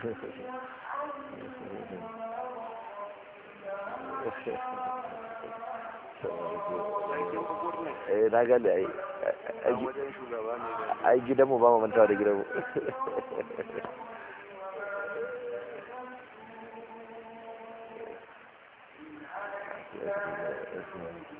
eh na gane ai ai gidanmu ba mu da Thank you.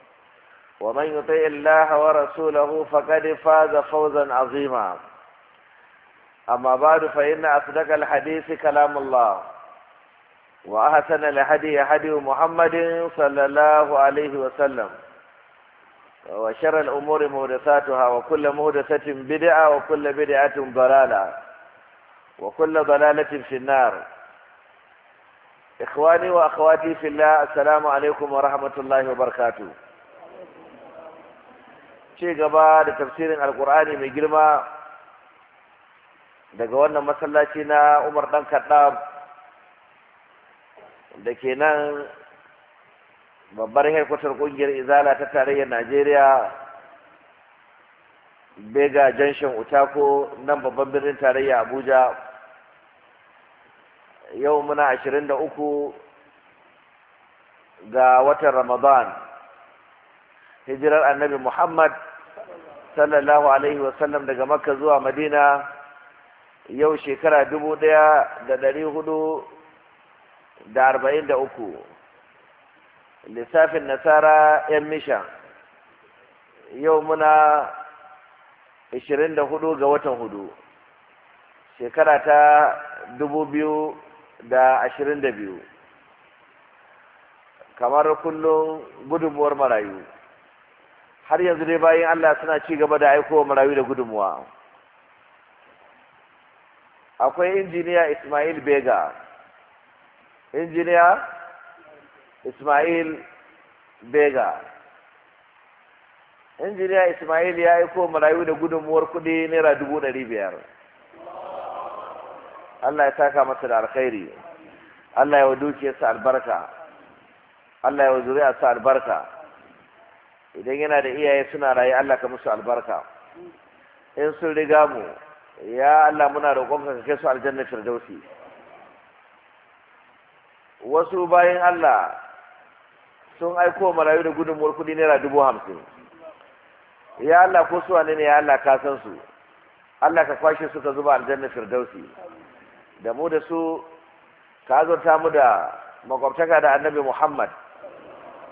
ومن يطع الله ورسوله فقد فاز فوزا عظيما أما بعد فإن أصدق الحديث كلام الله وأحسن الهدي هدي محمد صلى الله عليه وسلم وشر الأمور محدثاتها وكل محدثة بدعة وكل بدعة ضلالة وكل ضلالة في النار إخواني وأخواتي في الله السلام عليكم ورحمة الله وبركاته ce gaba da tafsirin alkur'ani mai girma daga wannan masallaci na umar dan kaddam da ke nan babbar haikutar kungiyar izala ta tarayyar najeriya bega janshin utako nan babban birnin tarayya abuja yau muna ashirin da uku ga watan ramadan hijirar annabi muhammad sallallahu alaihi wasallam daga makka zuwa madina yau shekara dubu ɗaya da ɗari hudu da arba'in da uku lissafin nasara yan misha yau muna ishirin da hudu ga watan hudu shekara ta dubu biyu da ashirin da biyu kamar kullum gudunmuwar marayu har yanzu dai bayan Allah suna ci gaba da aikowa marayu da gudunmuwa akwai injiniya Ismail Bega injiniya Ismail Bega injiniya Ismail ya aiko marayu da gudunmuwar kuɗi naira dubu ɗari biyar Allah ya taka masa da alkhairi Allah ya wa dukiyarsa albarka Allah ya wa zuriyarsa albarka idan yana da iyaye suna raye Allah ka musu albarka in sun riga mu ya Allah muna roƙonka ka kai su aljanna firdausi wasu bayan Allah sun aiko marayu da mulku kuɗi naira dubu hamsin ya Allah ko su wane ne ya Allah ka san su Allah ka kwashe su ka zuba aljanna firdausi da mu da su ka azurta mu da makwabtaka da annabi Muhammad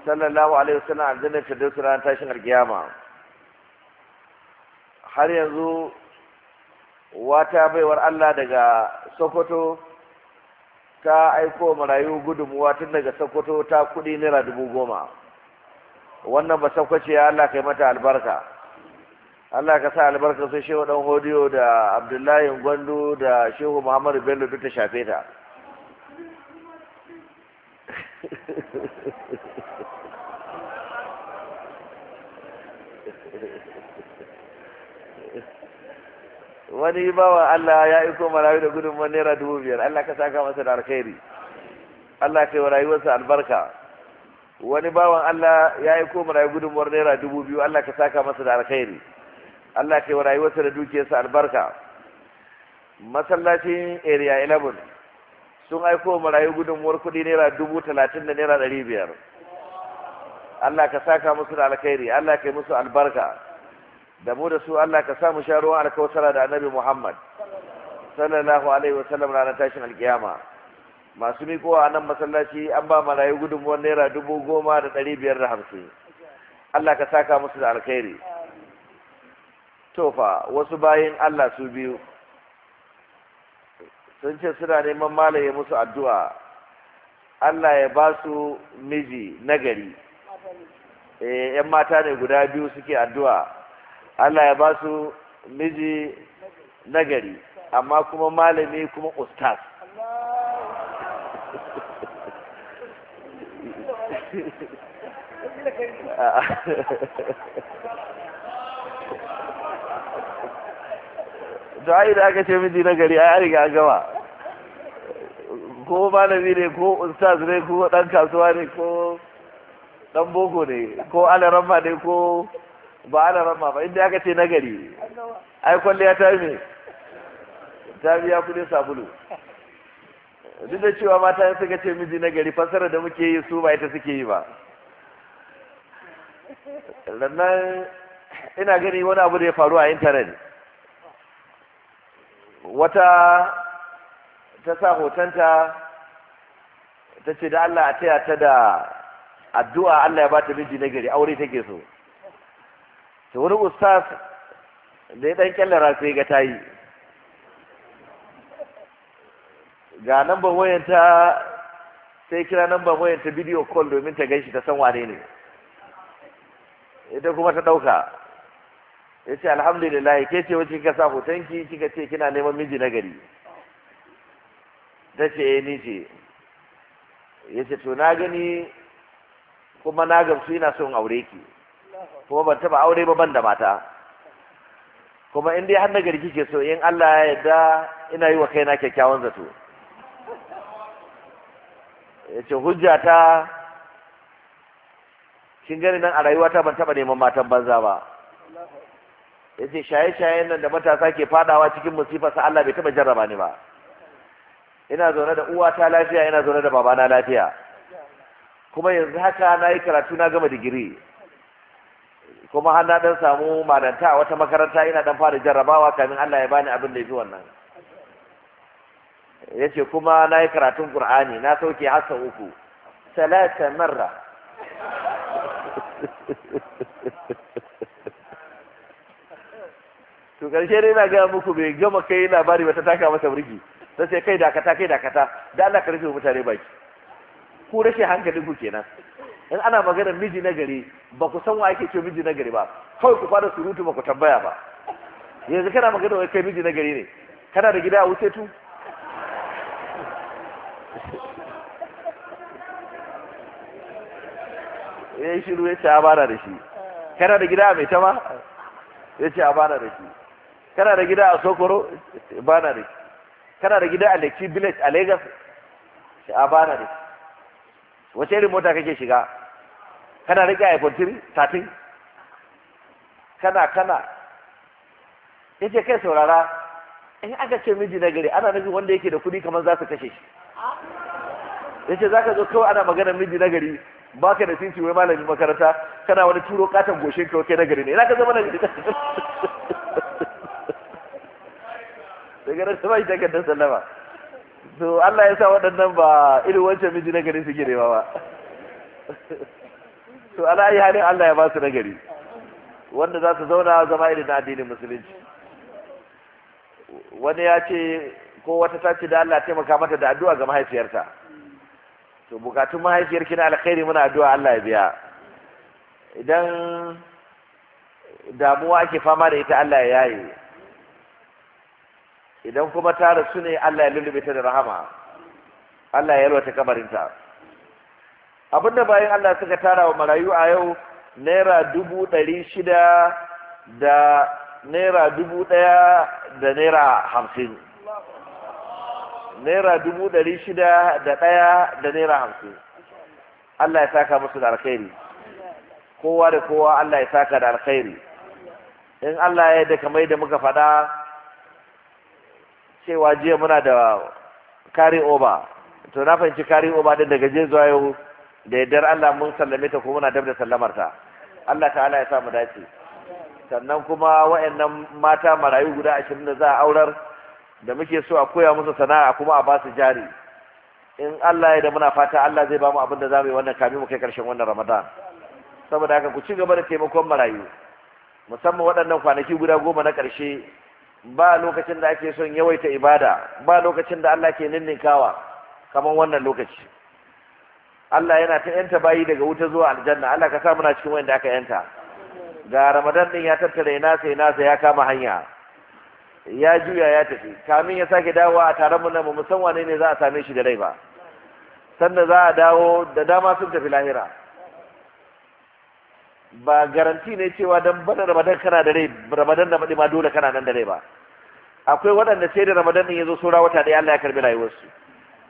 sallallahu alaihi wasallam aljanna firdaus ranar tashin alkiyama har yanzu wata baiwar Allah daga Sokoto ta aiko marayu gudunmuwa tun daga Sokoto ta kudi naira dubu goma wannan ba sakwace ya Allah kai mata albarka Allah ka sa albarka sai shehu dan hodiyo da Abdullahi Gwandu da shehu Muhammadu Bello duk ta shafe ta wani bawa Allah ya iko marayu da wani naira dubu biyar Allah ka saka masa da alkhairi Allah ka yi rayuwarsa albarka wani bawan Allah ya iko marayu gudunmuwar naira dubu biyu Allah ka saka masa da alkhairi Allah ka yi wa rayuwarsa da dukiyarsa albarka masallacin area 11 sun aiko marayu gudunmuwar kuɗi naira dubu talatin da naira ɗari biyar Allah ka saka musu da alkhairi Allah ka yi musu albarka da mu da su Allah ka samu sha ruwan alkawtara da annabi Muhammad sallallahu alaihi wa sallam ranar tashin alkiyama masu mikowa a nan masallaci an ba marayu gudunmuwar naira dubu goma da ɗari biyar da hamsin Allah ka saka musu da alkhairi tofa wasu bayin Allah su biyu sun ce suna neman malaye musu addu'a Allah ya ba su miji nagari ‘yan eh, mata ne guda biyu suke addu'a Allah ya ba su miji nagari amma kuma malami kuma ustaz du'a'i da aka ce miji na a ai riga gama ko malami ne ko ustaz ne ko dan kasuwa ne ko dan boko ne ko alaramma ne ko ba ana rama ba inda aka ce nagari ai kwalle ya tayi me ta biya kudin sabulu duk da cewa mata suka ce miji nagari fasara da muke yi su ba ita suke yi ba sannan ina gani wani abu da ya faru a intanet wata ta sa hotonta ta ce da Allah a taya ta da addu'a Allah ya ba ta miji nagari aure take so to wani ustaz da ya dan kyallara sai ga tayi ga namban wayanta sai kira namban wayanta bidiyo call domin ta gaishe ta san wane ne ita kuma ta ɗauka, ya ce alhamdulillah ke ce wace kika sa hotonki kika ce kina neman miji na gari ta ce eh, ni ce ya ce to na gani kuma na gamsu ina son aure ki kuma ban taba aure ba ban da mata kuma in dai har na gari kike so in Allah ya yarda ina yi wa kaina kyakkyawan zato yace hujja ta kin gani nan a rayuwata ban taba neman matan banza ba yace shaye-shayen nan da matasa ke fadawa cikin musifa sa Allah bai taba jarraba ni ba ina zaune da uwata lafiya ina zaune da babana lafiya kuma yanzu haka na yi karatu na gama digiri kuma har na dan samu malanta a wata makaranta ina dan fara jarrabawa kamin Allah ya bani abin da yafi wannan yace kuma na yi karatun Qur'ani na sauke hasa uku salata marra to karshe dai na ga muku bai gama kai labari ba ta taka masa burgi sai kai dakata kai dakata da Allah ka rufe mutane baki ku rashin hankali ku kenan in ana maganar miji na gari ba ku san wa ake ce miji na gari ba kawai ku fara surutu ba ku tambaya ba yanzu kana magana wai kai miji na gari ne kana da gida a wuce tu ya shiru ya ce a bana da shi kana da gida a mai tama ya ce a bana da shi kana da gida a sokoro bana da shi kana da gida a lekki village a lagos a bana da shi wace irin mota kake shiga kana rike iphone 3 13 kana kana yace kai saurara in aka ce miji na gari ana nufin wanda yake da kuɗi kamar za su kashe shi yace zaka zo kawai ana magana miji na gari ka da titi wai malamin makaranta kana wani turo katon goshen ka kai na gari ne ina ka zama na gari daga nan ta gaddan sallama to Allah ya sa waɗannan ba irin wancan miji na gari gire ba ba to ala yi halin Allah ya ba su nagari wanda za su zauna zama irin na addinin musulunci wani ya ce ko wata ta ce da Allah taimaka mata da addu'a ga mahaifiyarta to bukatun mahaifiyarki na alkhairi muna addu'a Allah ya biya idan damuwa ake fama da ita Allah ya yaye idan kuma ta rasu ne Allah ya lullube ta da rahama Allah ya yalwata kabarinta abin da bayan Allah suka tara wa marayu a yau naira dubu ɗari shida da naira dubu ɗaya da naira hamsin naira dubu ɗari shida da ɗaya da naira hamsin Allah ya saka musu da alkhairi kowa da kowa Allah ya saka da alkhairi in Allah ya yadda kamar da muka faɗa cewa jiya muna da kari over to na fahimci kari over din daga jiya zuwa yau da yardar Allah mun sallame ta kuma muna dab da sallamar ta Allah ta'ala ya sa mu dace sannan kuma wayannan mata marayu guda 20 da za a aurar da muke so a koya musu sana'a kuma a ba su jari in Allah ya da muna fata Allah zai ba mu abin da za mu yi wannan kami mu kai karshen wannan Ramadan saboda haka ku ci gaba da taimakon marayu musamman waɗannan kwanaki guda goma na ƙarshe ba lokacin da ake son yawaita ibada ba lokacin da Allah ke ninninkawa kamar wannan lokaci Allah yana ta yanta bayi daga wuta zuwa aljanna Allah ka sa muna cikin wanda aka yanta ga Ramadan din ya tattara ina sai ina sai ya kama hanya ya juya ya tafi kamin ya sake dawowa a taron mu na mu san wane ne za a same shi da rai ba sanda za a dawo da dama sun tafi lahira ba garanti ne cewa dan bana Ramadan kana da rai Ramadan da ma dole kana nan da rai ba akwai waɗanda sai da Ramadan din ya zo saura wata ɗaya Allah ya karbi rayuwarsu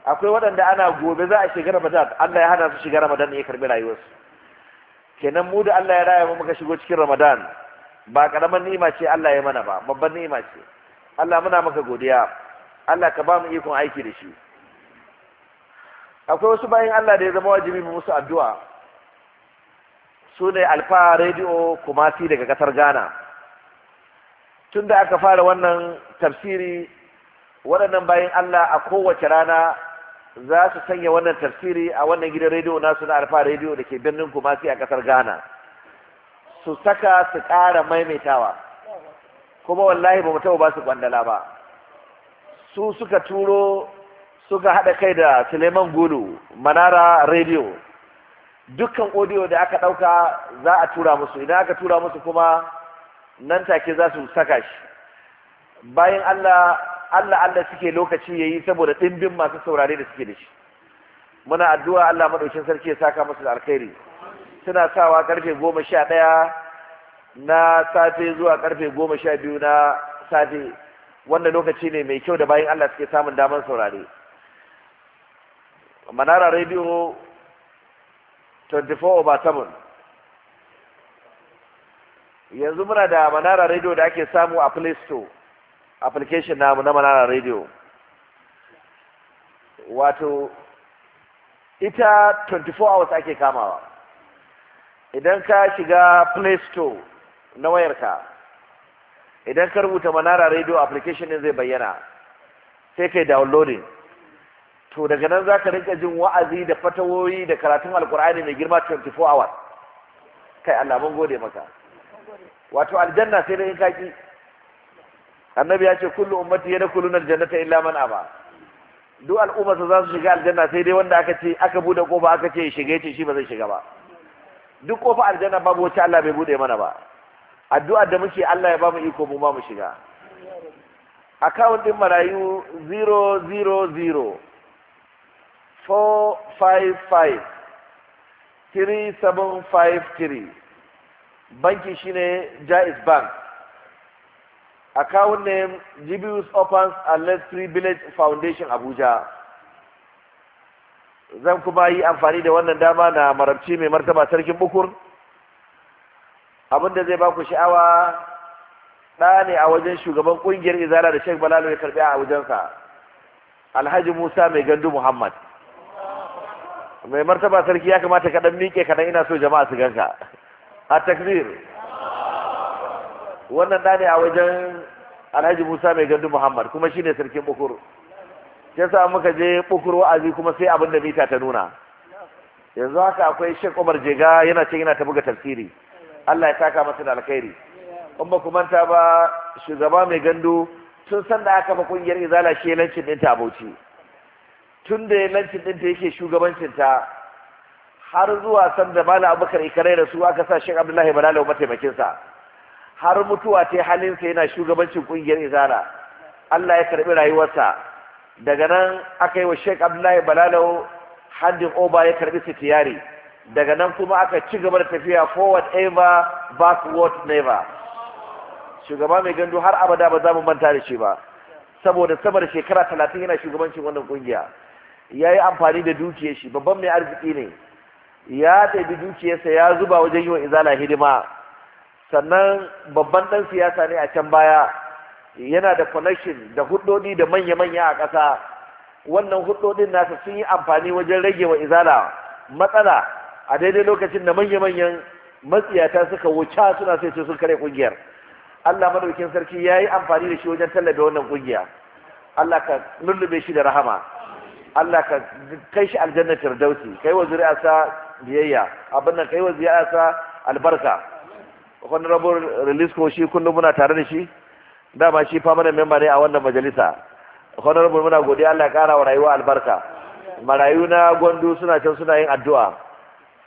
akwai waɗanda ana gobe za a shiga ramadan Allah ya hana su shiga ramadan ya karbi rayuwarsu kenan mu da Allah ya raya mu muka shigo cikin ramadan ba karamar ni'ima ce Allah ya mana ba babban ni'ima ce Allah muna maka godiya Allah ka ba mu ikon aiki da shi akwai wasu bayan Allah da ya zama wajibi mu musu addu'a su ne alfa radio kumasi daga kasar ghana Tunda aka fara wannan tafsiri waɗannan bayan Allah a kowace rana za su sanya wannan tafsiri a wannan gidan rediyo nasu na alfa rediyo da ke birnin kumasi a kasar ghana su saka su ƙara maimaitawa kuma wallahi ba taɓa ba su kwandala ba su suka turo suka haɗa kai da suleiman gulu manara rediyo dukkan audio da aka ɗauka za a tura musu idan aka tura musu kuma nan take za su saka shi bayan allah Allah Allah suke lokaci yayi saboda dimbin masu saurare da suke da shi muna addu'a Allah madaukin sarki ya saka musu da alkhairi suna sawa karfe goma sha ɗaya na safe zuwa karfe goma sha biyu na safe wanda lokaci ne mai kyau da bayan Allah suke samun damar saurare manara radio 24 over 7 yanzu muna da manara radio da ake samu a play store application namu na manara radio wato ita 24 hours ake kamawa idan ka shiga play store na wayarka idan ka rubuta manara radio application din zai bayyana sai kai downloading to daga nan za ka rinka jin wa'azi da fatawoyi da karatun alkur'ani mai girma 24 hours kai Allah mun gode maka wato aljanna sai da in kaki annabi ya ce kullu ummati yadkhuluna aljannata illa man aba duk al'umma za su shiga aljanna sai dai wanda aka ce aka bude kofa aka ce shiga yace shi ba zai shiga ba duk kofa aljanna babu wacce Allah bai bude mana ba addu'a da muke Allah ya ba iko mu ma mu shiga account din marayu 000 455 3753 banki shine Jaiz Bank Account name Jibius Opens and Let's Free Village Foundation Abuja. Zan kuma yi amfani da wannan dama na marabci mai martaba sarkin bukur. Abin da zai baku sha'awa ɗa ne a wajen shugaban ƙungiyar izala da Sheikh Balalu ya karɓi a wajensa. Alhaji Musa mai gandu Muhammad. Mai martaba sarki ya kamata ka ɗan miƙe kaɗan ina so jama'a su ganka. A takbir. wannan da ne a wajen alhaji musa mai gandu muhammad kuma shine sarkin bukuru sai sa muka je bukuru wa'azi kuma sai abin da mita ta nuna yanzu haka akwai shek umar jega yana ce yana ta buga tafsiri allah ya taka masa da alkhairi in ba ku manta ba shugaba mai gandu tun san da aka ba kungiyar izala shi lancin ɗinta a bauchi tun da lancin ɗinta yake shugabancinta har zuwa san da malam abubakar ikarai da su aka sa shek abdullahi mataimakin mataimakinsa har mutuwa ta yi halinsa yana shugabancin kungiyar izara Allah ya karɓi rayuwarsa daga nan aka yi wa Sheikh Abdullahi Balalau handin oba ya karbi sitiyari daga nan kuma aka ci gaba da tafiya forward ever backward never shugaba mai gandu har abada ba za mu manta da shi ba saboda sama da shekara talatin yana shugabancin wannan kungiya ya yi amfani da dukiyar shi babban mai arziki ne ya ɗabi dukiyarsa ya zuba wajen yi wa izala hidima sannan babban ɗan siyasa ne a can baya yana da connection da hudodi da manya-manya a ƙasa wannan hudodin nasa sun yi amfani wajen rage wa izala matsala a daidai lokacin da manya-manyan matsiyata suka wuce suna sai sun kare kungiyar Allah madaukin sarki ya yi amfani da shi wajen tallabe wannan kungiya Allah ka lullube shi da rahama Allah ka kai shi aljanna firdausi kai wa zuri'arsa biyayya abin nan kai wa zuri'arsa albarka honorable release ko shi kullum muna tare da shi dama shi permanent member ne a wannan majalisa honorable muna godiya Allah ya kara wa rayuwa albarka marayu na gwandu suna can suna yin addu'a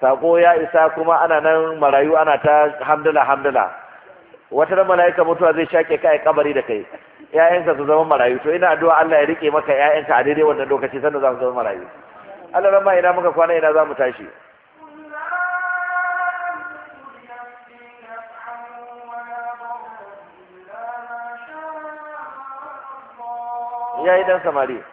sako ya isa kuma ana nan marayu ana ta hamdala hamdala wata da mala'ika mutuwa zai shake kai kabari da kai ƴaƴanka su zama marayu to ina addu'a Allah ya rike maka ƴaƴanka a daidai wannan lokaci sanda za su zama marayu Allah ramma ina muka kwana ina za mu tashi ya yi ɗan samari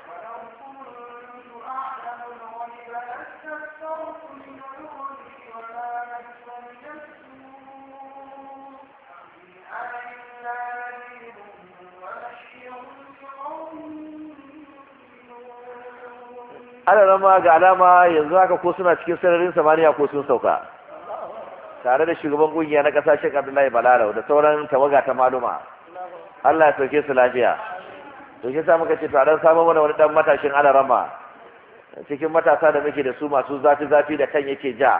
adana ga alama yanzu haka ko suna cikin sararin samaniya ko sun sauka tare da shugaban kungiya na kasashen abdullahi Balarau, da sauran tawaga ta maluma allah ya sauke su lafiya to shi sa muka ce to a dan samo mana wani dan matashin alarama cikin matasa da muke da su masu zafi zafi da kan yake ja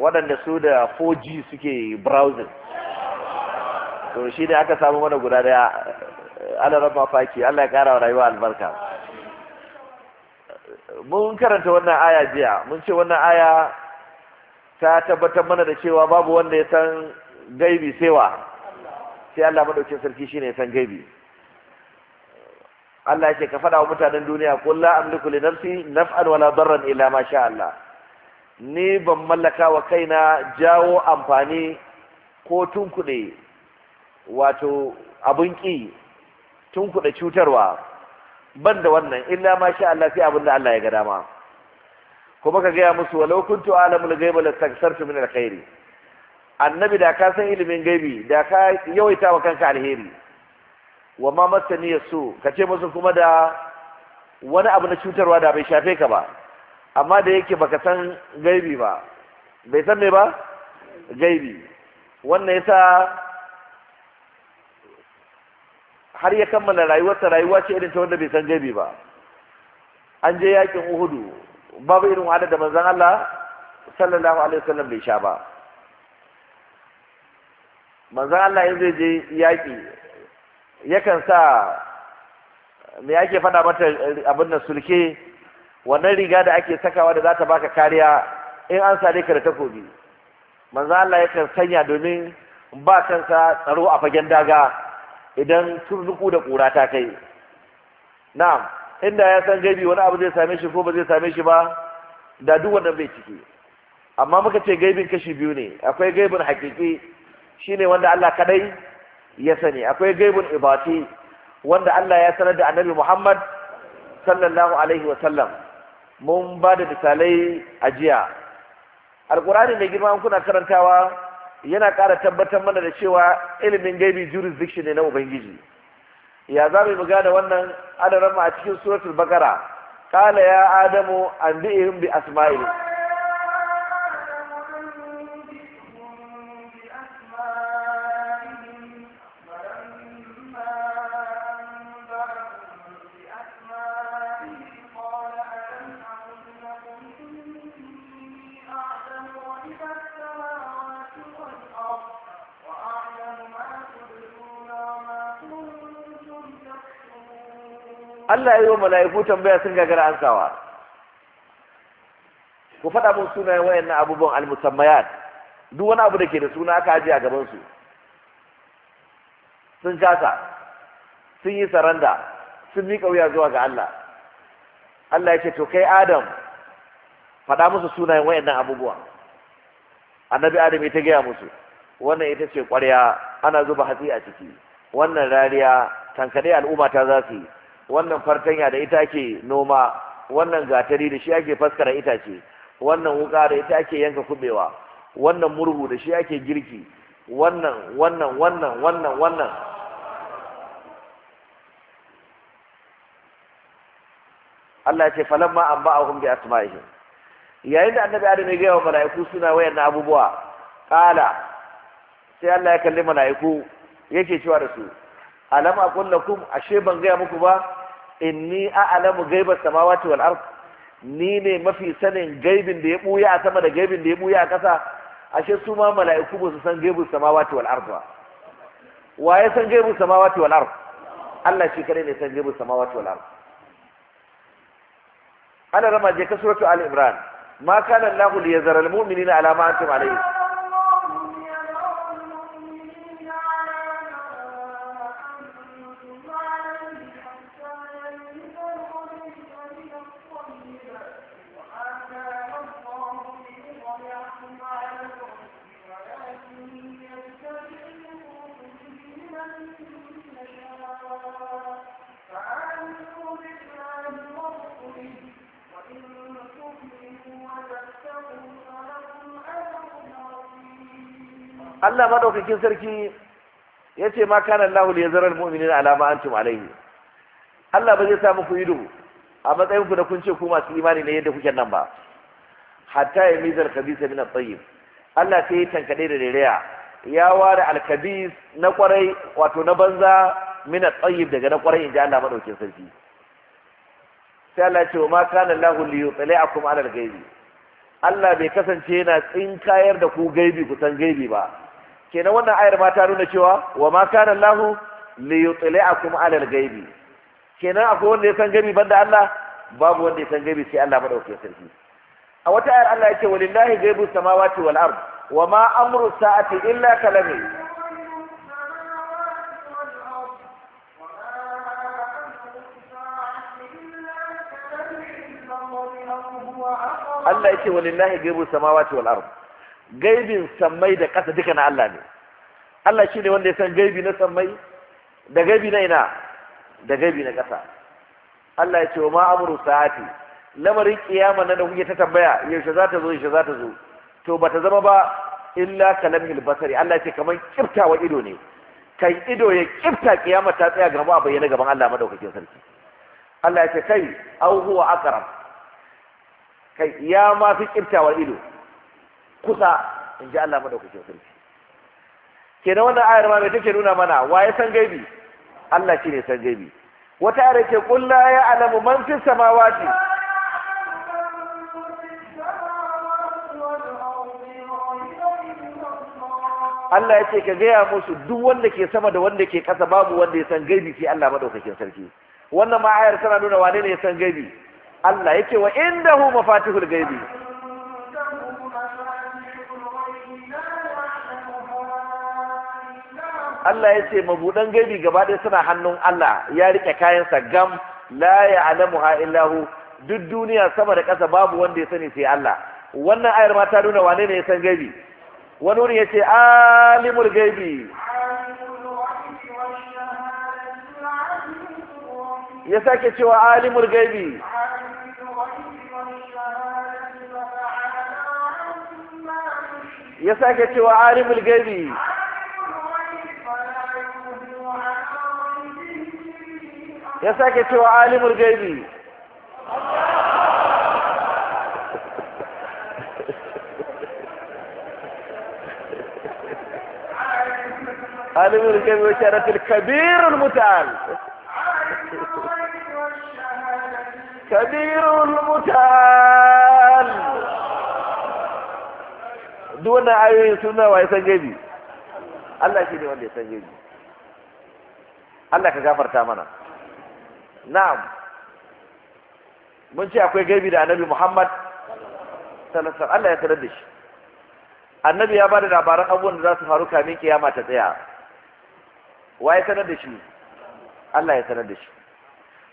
waɗanda su da 4G suke browsing to shi ne aka samu mana guda daya alarama faki Allah ya kara wa rayuwa albarka mun karanta wannan aya jiya mun ce wannan aya ta tabbatar mana da cewa babu wanda ya san gaibi sai wa sai Allah madaukin sarki shine ya san gaibi Allah yake ka faɗa wa mutanen duniya qul la amliku li nafsi naf'an wala darran illa ma sha Allah ni ban mallaka wa kaina jawo amfani ko tunkuɗe wato abun ki tunkuɗe cutarwa ban da wannan illa ma sha Allah sai abin da Allah ya ga dama kuma ka gaya musu walau kuntu alamul ghaiba taksartu min khairi annabi da ka san ilimin gaibi da ka yawaita wa kanka alheri wa ma masani ya so ka ce musu kuma da wani abu na cutarwa da bai shafe ka ba amma da yake baka san gaibi ba bai san me ba gaibi wannan yasa har ya kammala rayuwarsa rayuwa ce irin ta wanda bai san gaibi ba an je yakin uhudu babu irin wahalar da manzon Allah sallallahu alaihi wasallam bai sha ba manzon Allah yanzu je yaki yakan sa me ake faɗa mata abin nan sulke wannan riga da ake sakawa da za ta baka kariya in an sare ka da takobi manzo Allah yakan sanya domin ba kansa tsaro a fagen daga idan turduku da ƙura ta kai na'am inda ya san gaibi wani abu zai same shi ko ba zai same shi ba da duk wannan bai ciki amma muka ce gaibin kashi biyu ne akwai gaibin hakiki shine wanda Allah kadai ya sani akwai gaibun ibati wanda Allah ya sanar da annabi Muhammad sallallahu alaihi wasallam mun ba da misalai a jiya alkurani mai girma kuna karantawa yana ƙara tabbatar mana da cewa ilimin gaibi jurisdiction ne na ubangiji ya za mu da wannan adaran mu a cikin suratul bakara qala ya adamu anbi'ihim bi asma'ihim Allah ya yi wa mala'iku tambaya sun gagara ansawa ku faɗa mun sunayen wayannan abubuwan almusammayat duk wani abu da ke da suna aka ajiye a gaban su sun kasa sun yi saranda sun miƙa wuya zuwa ga Allah Allah ya ce to kai Adam faɗa musu sunayen wayannan abubuwa annabi Adam ya ta gaya musu wannan ita ce ƙwarya ana zuba hatsi a ciki wannan rariya tankaɗe al'umma ta za su yi wannan fartanya da ita ke noma wannan gatari da shi ake faskara itace wannan wuka da ita ake yanka kubewa wannan murhu da shi ake girki wannan wannan wannan wannan wannan Allah ce falamma an ba ba'ahum bi asma'ihim yayin da annabi adam ya gaya wa mala'iku suna wayar na abubuwa qala sai Allah ya kalli mala'iku yake cewa da su alam aqul lakum ashe ban gaya muku ba inni a'lamu ghaiba samawati wal ard ni ne mafi sanin gaibin da ya buya a sama da gaibin da ya buya a kasa ashe su ma mala'iku ba su san gaibu samawati wal ard ba wa ya san gaibu samawati wal ard Allah shi kare ne san gaibu samawati wal ard ana rama je ka suratu al imran ma kana Allahu liyazara al mu'minina ala ma antum alayhi Allah madaukakin sarki ya ce ma kana Allah li yazara almu'minina ala ma antum alayhi Allah ba zai sa muku ido a matsayin ku da kun ce ku masu imani ne yadda kuke nan ba hatta ya mizar kabisa min at-tayyib Allah sai ya tankade da rereya ya ware al-kabis na kwarai wato na banza min at-tayyib daga na kwarai inda Allah madaukakin sarki sai Allah ya ce ma kana Allah li yutla'akum ala al-ghaibi Allah bai kasance yana tsinkayar da ku gaibi ku san gaibi ba kenan wannan ayar ma ta nuna cewa wa ma kana Allah li yutli'akum 'ala al-ghaibi kenan akwai wanda ya san gaibi banda Allah babu wanda ya san gaibi sai Allah madaukakin sarki a wata ayar Allah yake walillahi ghaibu samawati wal ard wa ma amru sa'ati illa kalami Allah yake walillahi ghaibu samawati wal ard gaibin sammai da ƙasa duka na Allah ne Allah shi ne wanda ya san gaibi na sammai da gaibi na ina da gaibi na ƙasa Allah ya ce wa ma sa'ati lamarin kiyama nan da kuke ta tambaya yaushe za ta zo yaushe za ta zo to ba ta zama ba illa kalam basari Allah ya ce kamar kiftawa ido ne kai ido ya kifta kiyama ta tsaya gaba a bayyana gaban Allah madaukakin sarki Allah ya ce kai au huwa aqrab kai ya ma fi wa ido kusa in ji Allah madaukakin sarki kenan wannan ayar ma mai take nuna mana wa ya san gaibi Allah shine ne san gaibi wata ayar ce qul la ya'lamu man fis samawati Allah ya ce ka gaya musu duk wanda ke sama da wanda ke ƙasa babu wanda ya san gaibi sai Allah madaukakin sarki wannan ma ayar tana nuna wane ne ya san gaibi Allah yake wa indahu mafatihul gaibi Allah ya ce mabudan gaibi gaba ɗaya suna hannun Allah ya rike kayansa gam la ya alamu ha illahu duk duniya sama da ƙasa babu wanda ya sani sai Allah wannan ayar ma ta nuna wane ne ya san gaibi wani wuri ya ce alimul gaibi ya sake cewa alimul gaibi ya sake cewa alimul gaibi ya sake cewa alimul gaibi alimul gaibi wa sharatul kabirul mutal kabirul mutal duk wanda ayoyin suna wa ya san gaibi Allah shi ne wanda ya san gaibi Allah ka gafarta mana na'am mun ce akwai gaibi da annabi muhammad sallallahu Allah ya sanar da shi annabi ya ba da labaran abubuwan da za su faru kamin kiyama ta tsaya wa ya sanar da shi Allah ya sanar da shi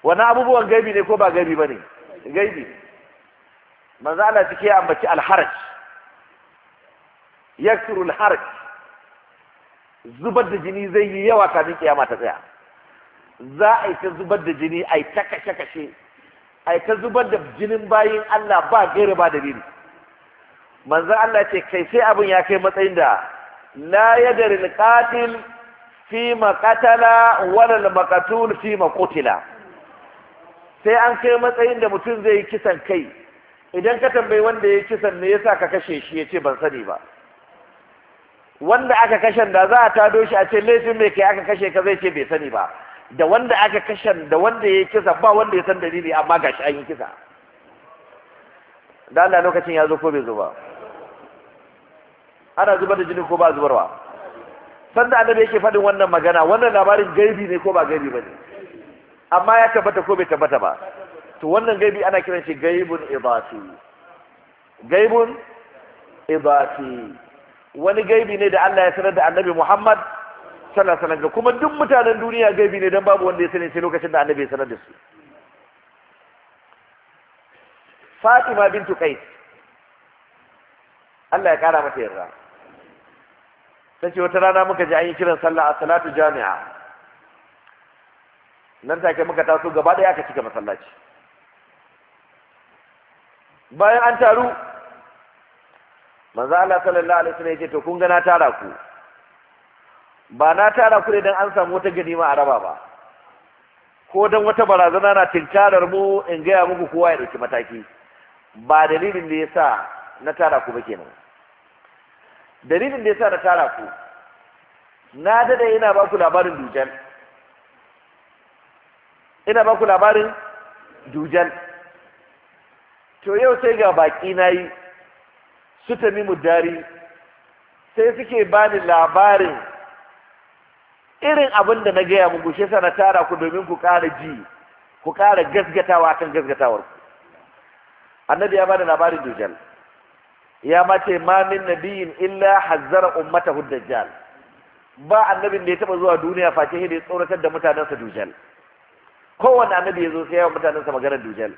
wani abubuwan gaibi ne ko ba gaibi ba ne gaibi manzo Allah cike ya ambaci alharaj yaksuru alharaj zubar da jini zai yi yawa kamin kiyama ta tsaya za a yi ta zubar da jini a yi kashe a yi ta zubar da jinin bayin Allah ba gaira ba dalili manzan Allah ce kai sai abin ya kai matsayin da la yadari alqatil fi maqatala wala almaqtul fi maqutila sai an kai matsayin da mutum zai yi kisan kai idan ka tambayi wanda ya yi kisan ya yasa ka kashe shi ya ce ban sani ba wanda aka kashe da za a tado shi a ce laifin mai kai aka kashe ka zai ce bai sani ba da wanda aka kashe da wanda ya kisa ba wanda ya san dalili amma gashi an yi kisa da Allah lokacin ya zo ko bai zo ba ana zubar da jini ko ba zubarwa sanda annabi yake faɗin wannan magana wannan labarin gaibi ne ko ba gaibi ba ne amma ya tabbata ko bai tabbata ba to wannan gaibi ana kiran shi gaibun ibati gaibun ibati wani gaibi ne da Allah ya sanar da annabi Muhammad sallallahu alaihi kuma duk mutanen duniya gaibi ne don babu wanda ya sani sai lokacin da annabi ya sanar da su Fatima bintu Qais Allah ya kara mata yarda tace wata rana muka ji an yi kiran sallah a salatu jami'a nan take muka taso gaba ɗaya aka cika masallaci bayan an taru manzo Allah sallallahu alaihi wasallam ya ce to kun ga na tara ku ba na tara kuɗi don an samu wata ganima a raba ba ko don wata barazana na tinkarar mu in gaya muku kowa ya ɗauki mataki ba dalilin da ya sa na tara ku ba kenan dalilin da ya sa na tara ku na dada ina ba ku labarin dujal ina ba ku labarin dujal to yau sai ga baki na yi su tamimu dari sai suke bani labarin irin abin da na gaya muku shi na tara ku domin ku ƙara ji ku ƙara gasgatawa kan gasgatawar ku annabi ya bada labarin dujal ya mace ma min nabiyin illa hazzara ummatahu dajjal ba annabin da ya taba zuwa duniya face sai da ya tsoratar da mutanensa dujal kowanne annabi ya zo sai ya mutanensa maganar dujal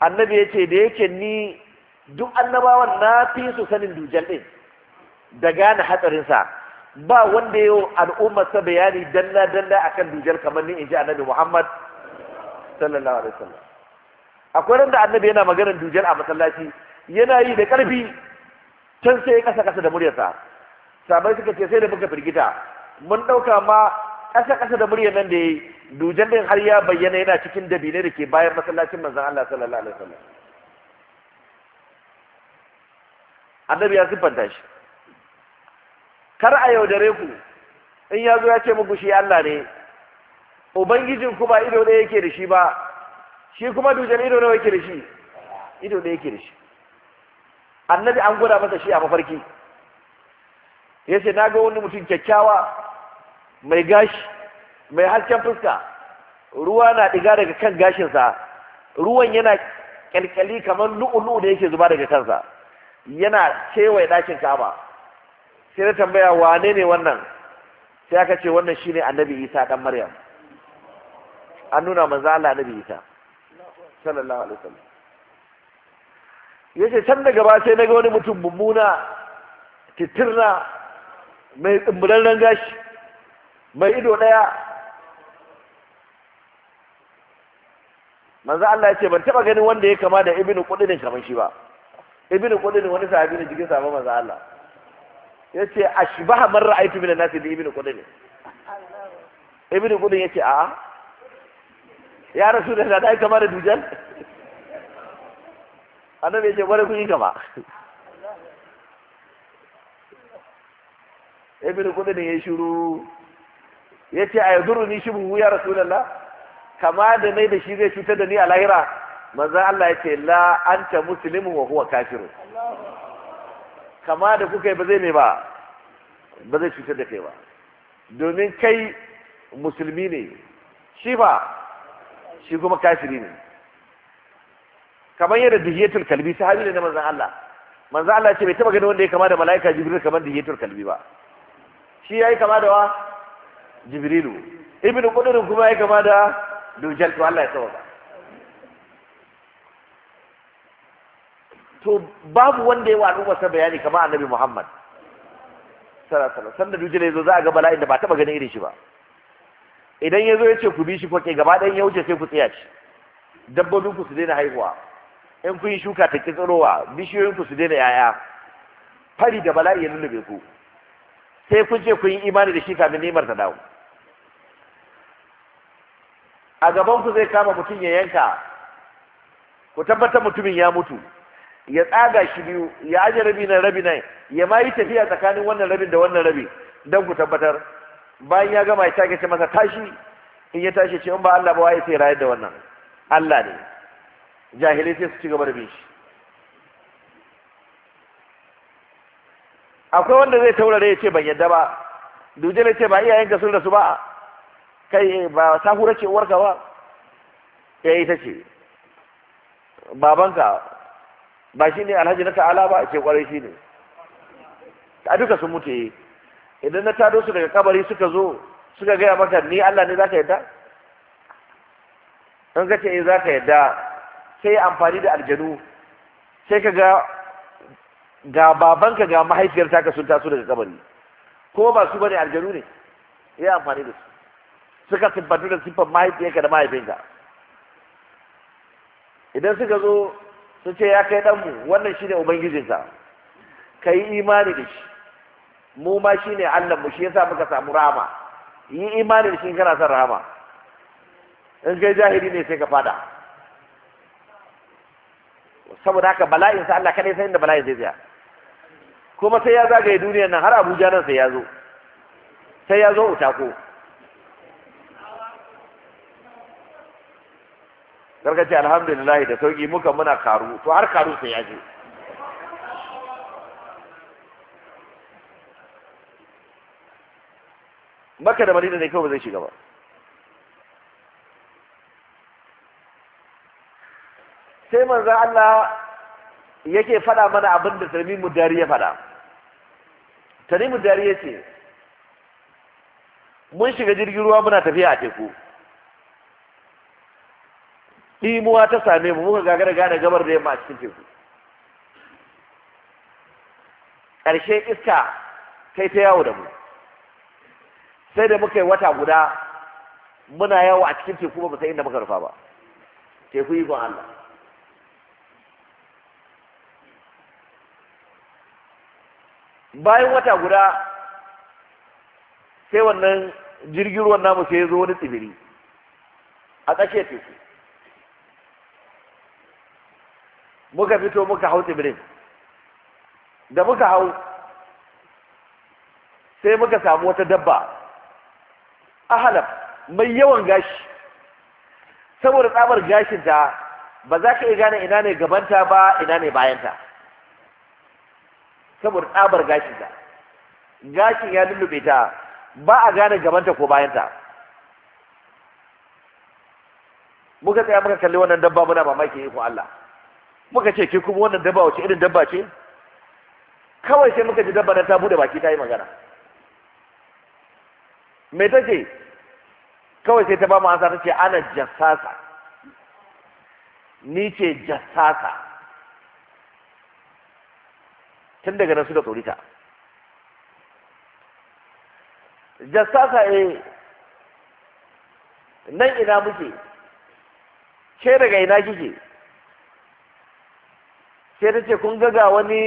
annabi ya ce da yake ni duk annabawan na fi su sanin dujal din da gane hatsarinsa ba wanda yau al'ummarsa bayani dalla dalla akan dujal kamar ni inji annabi Muhammad sallallahu alaihi wasallam akwai ran da annabi yana maganar dujal a masallaci yana yi da karfi can sai ya kasa kasa da muryarsa sabai suka ce sai da muka firgita mun ɗauka ma kasa kasa da muryar nan da yayi din har ya bayyana yana cikin dabine da ke bayan masallacin manzon Allah sallallahu alaihi wasallam annabi ya siffanta shi kar a yaudare ku in ya zo ya ce muku shi Allah ne ubangijin ku ba ido ɗaya yake da shi ba shi kuma dujan ido nawa yake da shi ido ɗaya yake da shi annabi an gwada masa shi a mafarki ya ce na ga wani mutum kyakkyawa mai gashi mai hasken fuska ruwa na ɗiga daga kan gashinsa ruwan yana kyalkyali kamar lu'u-lu'u da yake zuba daga kansa yana kewaye ɗakin kama sai na tambaya wane ne wannan sai aka ce wannan shine annabi isa dan maryam an nuna manzo Allah annabi isa sallallahu alaihi wasallam yace can daga ba sai naga wani mutum mummuna titirna mai tsimbulallen gashi mai ido daya manzo Allah yace ban taba ganin wanda ya kama da ibnu qudin kamar shi ba ibnu qudin wani sahabi ne jikin sahabban manzo Allah yace ashbaha man ra'aytu min an da bi ibn ibini ibn ya ce a ya rasu da yi kama da dujan annabi yace bare kun yi kama ibn qudayy ya shiru yace ayaduruni buhu ya la kama da mai da shi zai cutar da ni a lahira manzan Allah ce la ta muslimu wa huwa kafirun kama da kuka yi ba zai ne ba ba zai cutar da kai ba domin kai musulmi ne shi ba shi kuma kafiri ne kamar yadda dihiyatul kalbi sahabi ne na manzan Allah manzan Allah ce bai taba gani wanda ya kama da malaika jibril kamar dihiyatul kalbi ba shi ya yi kama da wa jibrilu ibnu kudurin kuma yi kama da dujjal to Allah ya sauka to babu wanda ya wa al'ummarsa bayani kamar annabi muhammad sallallahu alaihi wasallam dujila yazo za a ga bala'in da ba taba ganin irin shi ba idan yazo ya ce ku bi shi fake gaba ɗayan ya wuce sai ku tsaya shi dabbobin ku su daina haihuwa in kun yi shuka ta ki tsirowa bishiyoyin ku su daina yaya fari da bala'i ya lullube ku sai kun ce kun yi imani da shi kafin nemar ta dawo a gaban ku zai kama mutum ya yanka ku tabbatar mutumin ya mutu ya tsaga shi biyu ya aje rabi na rabi na ya ma yi tafiya tsakanin wannan rabin da wannan rabi don ku tabbatar bayan ya gama ya take ce masa tashi in ya tashi ce in ba Allah ba ya sai rayar da wannan Allah ne jahilai sai su ci gaba da bin shi akwai wanda zai taurare ya ce ban yadda ba duje ne ce ba iyayenka sun rasu ba kai ba sahura ce uwarka ba ya yi ta ce babanka ba shi ne alhaji na ta'ala ba a kwarai shi ne a duka sun mutu yi eh. idan na tado su daga kabari suka zo suka gaya maka ni allah ne za ka yadda in ka ce eh, za ka yadda sai amfani da aljanu sai ka ga ga babanka ga mahaifiyar taka sun taso daga kabari ko ba su bane aljanu ne ya amfani da su suka siffatu da siffar mahaifiyarka da mahaifinka idan suka zo sun ce ya kai ɗanmu wannan shine ubangijinsa ka yi imani da shi mu ma shine allahnmu shi yasa muka samu rama yi imani da shi kana son rama in kai jahili ne sai ka fada saboda haka bala'insa Allah kadai sai inda bala'in zai tsaya kuma sai ya zagaye duniyar nan har Abuja nan sai ya zo sai ya zo utako karka ce alhamdulillah da sauki muka muna karu to har karu sai ya je maka da madina ne kawai ba zai shiga ba sai manzo Allah yake faɗa mana abin da Tamimu Dari ya faɗa Tamimu Dari yace ce mun shiga jirgin ruwa muna tafiya a teku ɗimuwa ta same mu muka gagara gane gabar da yamma a cikin teku ƙarshe iska kai ta yawo da mu sai da muka yi wata guda muna yawo a cikin teku ba mu san inda muka rufa ba teku yi ikon Allah bayan wata guda sai wannan jirgin ruwan namu sai ya zo wani tsibiri a tsakiyar teku muka fito muka hau tsibirin da muka hau sai muka samu wata dabba ahalab mai yawan gashi saboda tsabar gashinta ba za ka iya gane ina ne gabanta ba ina ne bayanta saboda tsabar gashinta gashin ya lullube ta ba a gane gabanta ko bayanta muka tsaya muka kalli wannan dabba muna mamaki ko Allah muka ce ke kuma wannan dabba wace irin dabba ce kawai sai muka ji dabba na ta bude baki ta yi magana me ta ce kawai sai ta ba mu ta ce ana jassasa ni ce jassasa tun daga nan da tsorita jassasa eh nan ina muke ke daga ina kike sai ta ce kun ga ga wani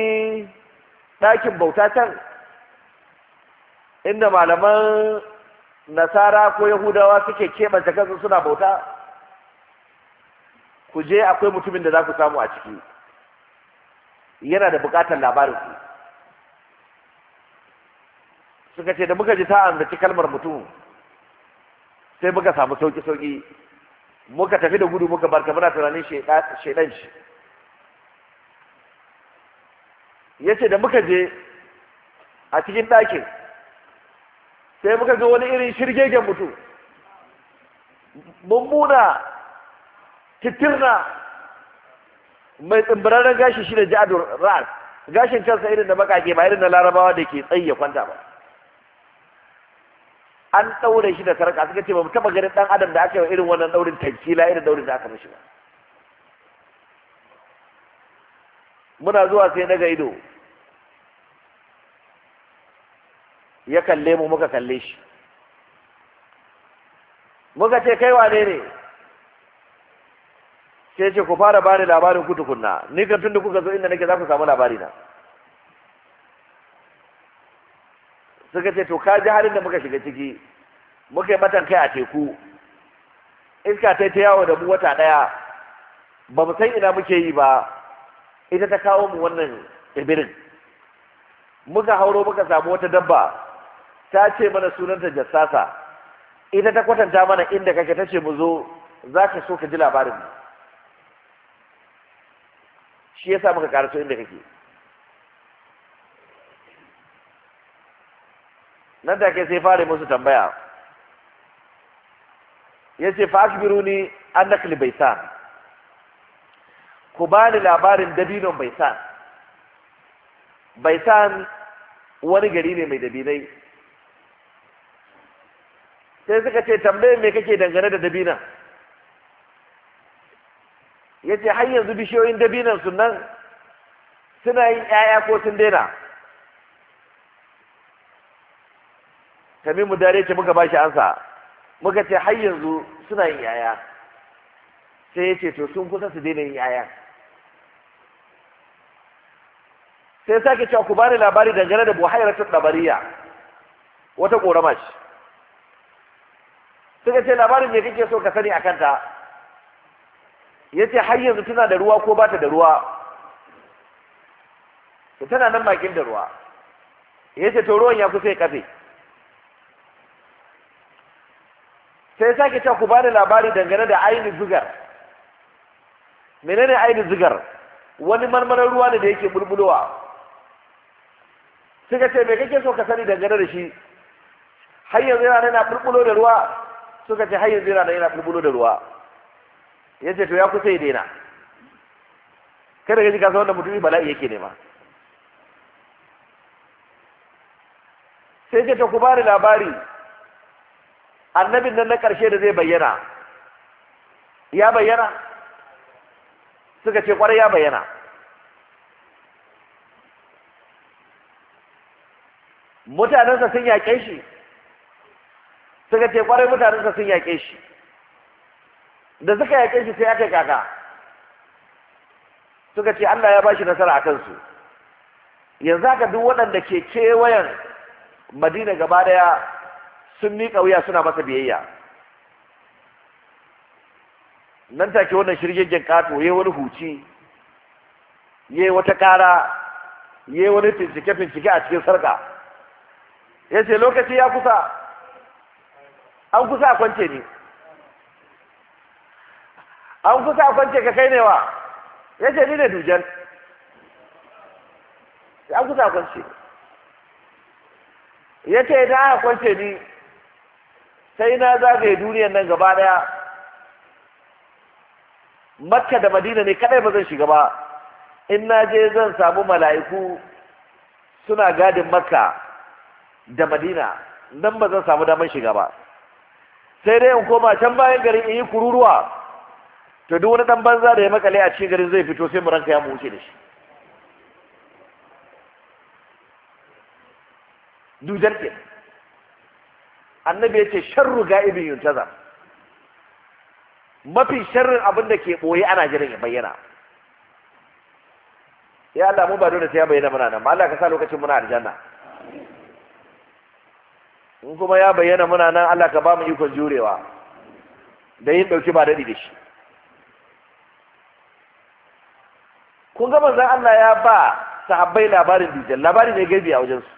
ɗakin bauta can inda malaman nasara ko yahudawa suke keɓance kansu suna bauta ku je akwai mutumin da za ku samu a ciki yana da buƙatar labarin ku suka ce da muka ji ta ambaci kalmar mutum sai muka samu sauƙi-sauƙi muka tafi da gudu muka barka muna tunanin shaidan shi ya ce da muka je a cikin ɗakin sai muka ga wani irin shirgegen mutum mummuna titirna mai tsimbararren gashi shi da jadon ra'as gashin kansa irin da makaƙe ba irin da larabawa da ke tsaye kwanta ba an ɗaure shi da sarƙa suka ce ba mu taɓa ganin ɗan adam da aka yi irin wannan ɗaurin tankila irin ɗaurin da aka mashi ba muna zuwa sai na ga ido ya kalle mu muka kalle shi muka ce kai wane ne sai ce ku fara bani labarin ku tukunna ni kan tunda kuka zo inda nake za ku samu labari na suka ce to ka ji halin da muka shiga ciki muka yi matan kai a teku iska ta ta yawo da mu wata daya ba mu san ina muke yi ba ita ta kawo mu wannan ibirin muka hauro muka samu wata dabba ta ce mana sunanta jassasa ita ta kwatanta mana inda kake ta ce mu zo za ka so ka ji labarin mu shi ya sa muka karaso inda kake nan da ke sai fara musu tambaya ya ce fa ne an bai sa. ku bani labarin dabinon baisan baisan wani gari ne mai dabinai sai suka ce tambaye me kake dangane da dabinan ya ce har yanzu bishiyoyin dabinan su nan suna yin 'ya'ya ko sun daina tamimu dare ce muka bashi ansa muka ce har yanzu suna yin 'ya'ya sai ya ce to sun kusa su daina yin ƴaƴa sai sake cewa ku bani labari dangane da buhairatun dabariya wata ƙorama ce suka ce labarin me kake so ka sani a kanta? Ya ce har yanzu tana da ruwa ko bata da ruwa ta tana nan makin da ruwa Ya ce to ruwan ya kusa ya kafe sai sake cewa ku bani labari dangane da ainihin zugar menene ainihin zugar wani marmarar ruwa ne da yake bulbulowa suka ce me kake so ka sani dangane da shi har yanzu yana nuna bulbulo da ruwa suka ce har yanzu yana da yana bulbulo da ruwa ya ce to ya kusa ya daina kada ka ji kasa wanda mutumin bala'i yake nema sai ce ta ku bari labari annabin nan na karshe da zai bayyana ya bayyana suka ce kwarai ya bayyana mutanensa sun yaƙe shi suka ce kwarai mutanen sun yaƙe shi da suka yaƙe shi sai aka kaka suka ce Allah ya ba shi nasara a kansu yanzu haka duk waɗanda ke kewayen madina gaba ɗaya sun miƙa wuya suna masa biyayya nan take wannan shirgin ƙato ya wani huci ya wata ƙara ya wani fincike-fincike a cikin sarka, ya ce lokaci ya kusa an kusa a kwance ne an kusa a kwance ka kai ne wa ya ce ni ne dujan an kusa a kwance ya ce ta a kwance ni sai na zagaye duniyan nan gaba daya makka da madina ne kadai ba zan shiga ba in na je zan samu mala'iku suna gadin makka da madina nan ba zan samu damar shiga ba sai dai in koma can bayan garin in yi kururuwa to duk wani dan banza da ya makale a cikin garin zai fito sai mu ranka ya mu wuce da shi dujar ke annabi ya ce sharru ga'ibin yuntaza mafi sharrin abin da ke ɓoye ana jiran ya bayyana ya Allah mu ba dole sai ya bayyana muna nan ba Allah ka sa lokacin muna aljanna in kuma ya bayyana muna nan Allah ka ba mu ikon jurewa da yin ɗauki ba daɗi da shi kun ga manzon Allah ya ba sahabbai labarin dijal labarin ne gabi a wajensu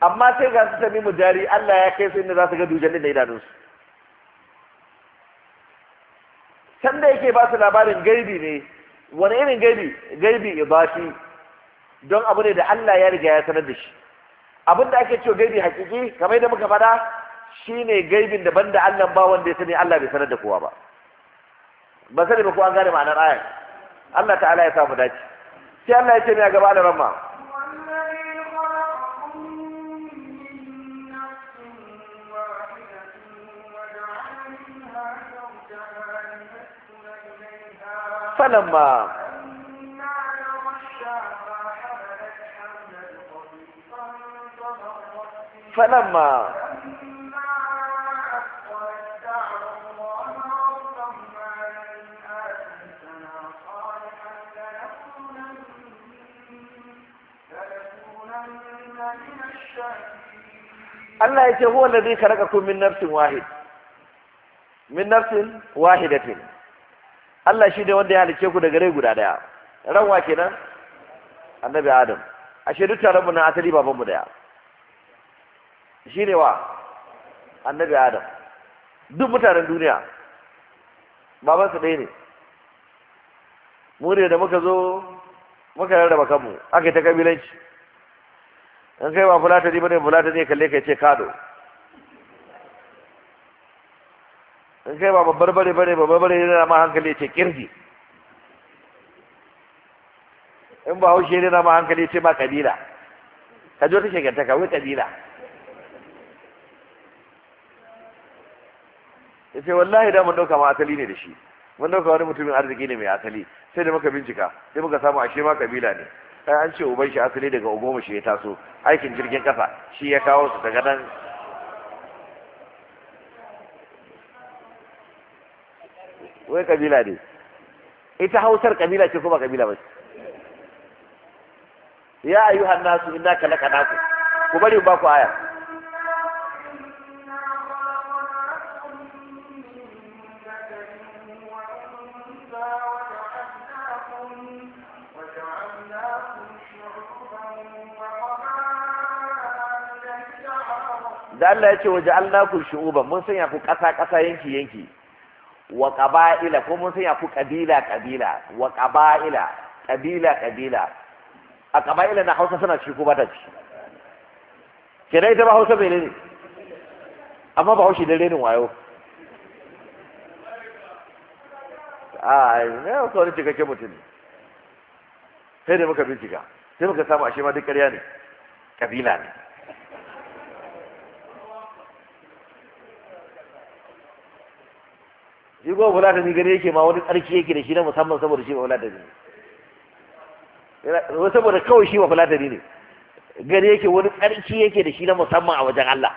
amma sai ga su sami mu jari Allah ya kai su inda za su ga dijal din da idanunsu san da yake ba su labarin gaibi ne wani irin gaibi gaibi ibashi don abu ne da Allah ya riga ya sanar da shi abin da ake cewa gaibi hakiki kamar da muka faɗa shine gaibin da banda Allah ba wanda ya sani Allah bai sanar da kowa ba ba sani ba ko an gane ma'anar ayar Allah ta'ala ya samu dace sai Allah ya ce a gaba da ramma falamma فلما Allah ya ce huwa karaka khalaqakum min nafsin wahid min nafsin wahidatin Allah shi ne wanda ya halice ku daga rai guda daya ranwa kenan annabi Adam ashe duk tare mu na asali baban mu daya shi ne wa annabi adam duk mutanen duniya babansa ɗaya ne mu ne da muka zo muka ba kanmu aka yi ta kabilanci in kai ba fulata ne ba ne fulata ne kalle ka ce kado in kai ba babbar bare ne babbar bare ne ma hankali ce kirji in ba haushe ne ma hankali ce ma kabila ka jo ta shekarta ka wai kabila ya ce wallahi da mun dauka ma asali ne da shi mun dauka wani mutumin arziki ne mai asali sai da muka bincika sai muka samu ashe ma kabila ne ai an ce uban shi asali daga ogoma shi ya taso aikin jirgin kasa shi ya kawo su daga nan wai kabila ne ita hausar kabila ce kuma kabila ba ya ayyuhan nasu inna kalaqnakum ku bari ba ku aya Allah ya ce waje ja'alna ku shu'uban mun sanya ku ƙasa ƙasa yanki yanki wa qaba'ila ko mun sanya ku kabila kabila wa qaba'ila kabila kabila a qaba'ila na Hausa suna ci ko ba ta ci dai ita ba Hausa bai ne amma ba Hausa dare ne wayo a ne Hausa wani kike mutum sai da muka bincika sai muka samu a ma duk ƙarya ne kabila ne kuma fulatani gare yake ma wani tsarki yake da shi na musamman saboda shi ba ni ne saboda kawai shi ba ni ne gare yake wani tsarki yake da shi na musamman a wajen Allah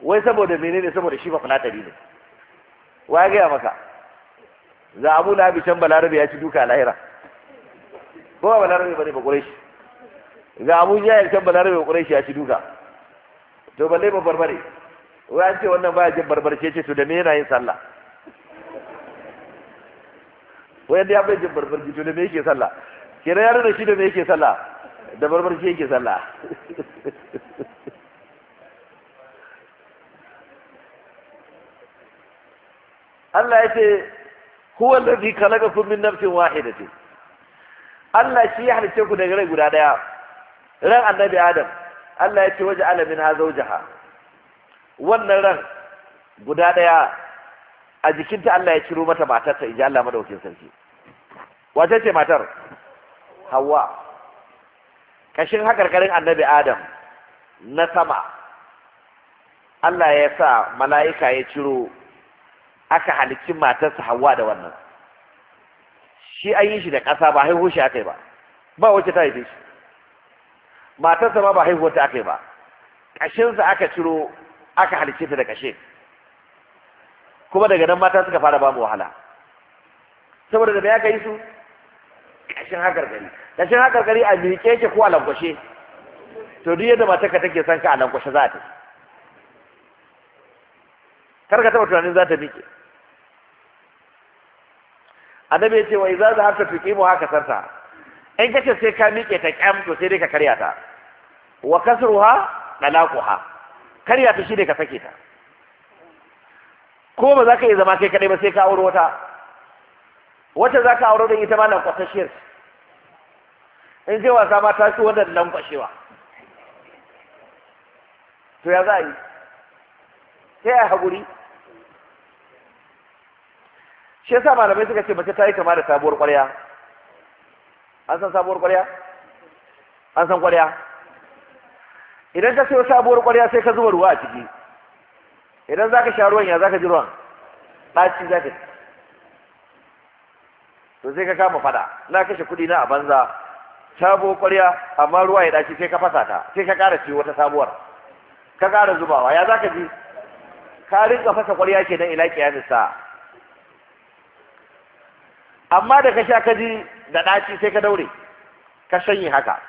wai saboda menene saboda shi ba ni ne wa ya gaya maka za abu bi can balarabe ya ci duka lahira ko ba balarabe bane ba quraish ga abu ya can balarabe ba quraishi ya ci duka to balle ba barbare wai an ce wannan baya jin barbarce ce to da me yana yin sallah wai da ya bai jin barbarci to ne me yake sallah na yaro da shi da me yake sallah da barbarci yake sallah Allah ya ce huwa allazi khalaqakum min nafsin wahidatin Allah shi ya halice ku daga rai guda daya ran annabi Adam Allah ya ce waje alamin ha zaujaha wannan ran guda daya a jikinta Allah ya ciro mata matarsa inji Allah madaukin sarki wace ce matar hawa kashin hakarkarin annabi adam na sama Allah ya sa mala'ika ya ciro aka halicci matarsa hawa da wannan shi an yi shi da ƙasa ba haihu shi aka yi ba ba wacce ta haife shi matarsa ma ba haihuwar ta aka yi ba ƙashinsa aka ciro aka halicce ta da kashin. kuma daga nan mata suka fara bamu wahala saboda da ya kai su kashin hakar gari kashin hakar gari a miƙe yake ko a lankwashe to duk yadda ka take san ka a lankwashe za ta kar ka taɓa tunanin za ta miƙe annabi ya ce wa idza zahabta tuqimu haka sarta in kace sai ka miƙe ta kyam to sai dai ka karya ta wa kasruha dalaquha karya ta shi dai ka sake ta ko ba za ka iya zama kai kadai ba sai ka auri wata wata za ka auri don ita ma lankwasashiyar in ce wasa ma ta shi wannan kwashewa to ya za a yi ta a haguri shi yasa malamai suka ce mace ta yi kama da sabuwar ƙwarya an san sabuwar ƙwarya an san ƙwarya idan ka sayo sabuwar ƙwarya sai ka zuba ruwa a ciki idan zaka sha ruwan ya zaka ji ruwan ɗaci zaka to sai ka kama fada na kashe kuɗi na a banza sabo ƙwarya amma ruwa ya ɗaci sai ka fasa ta sai ka ƙara ciwo wata sabuwar ka ƙara zubawa ya zaka ji ka rinka fasa ƙwarya kenan ila kiyamis nisa amma da ka sha ka ji da ɗaci sai ka daure ka shanye haka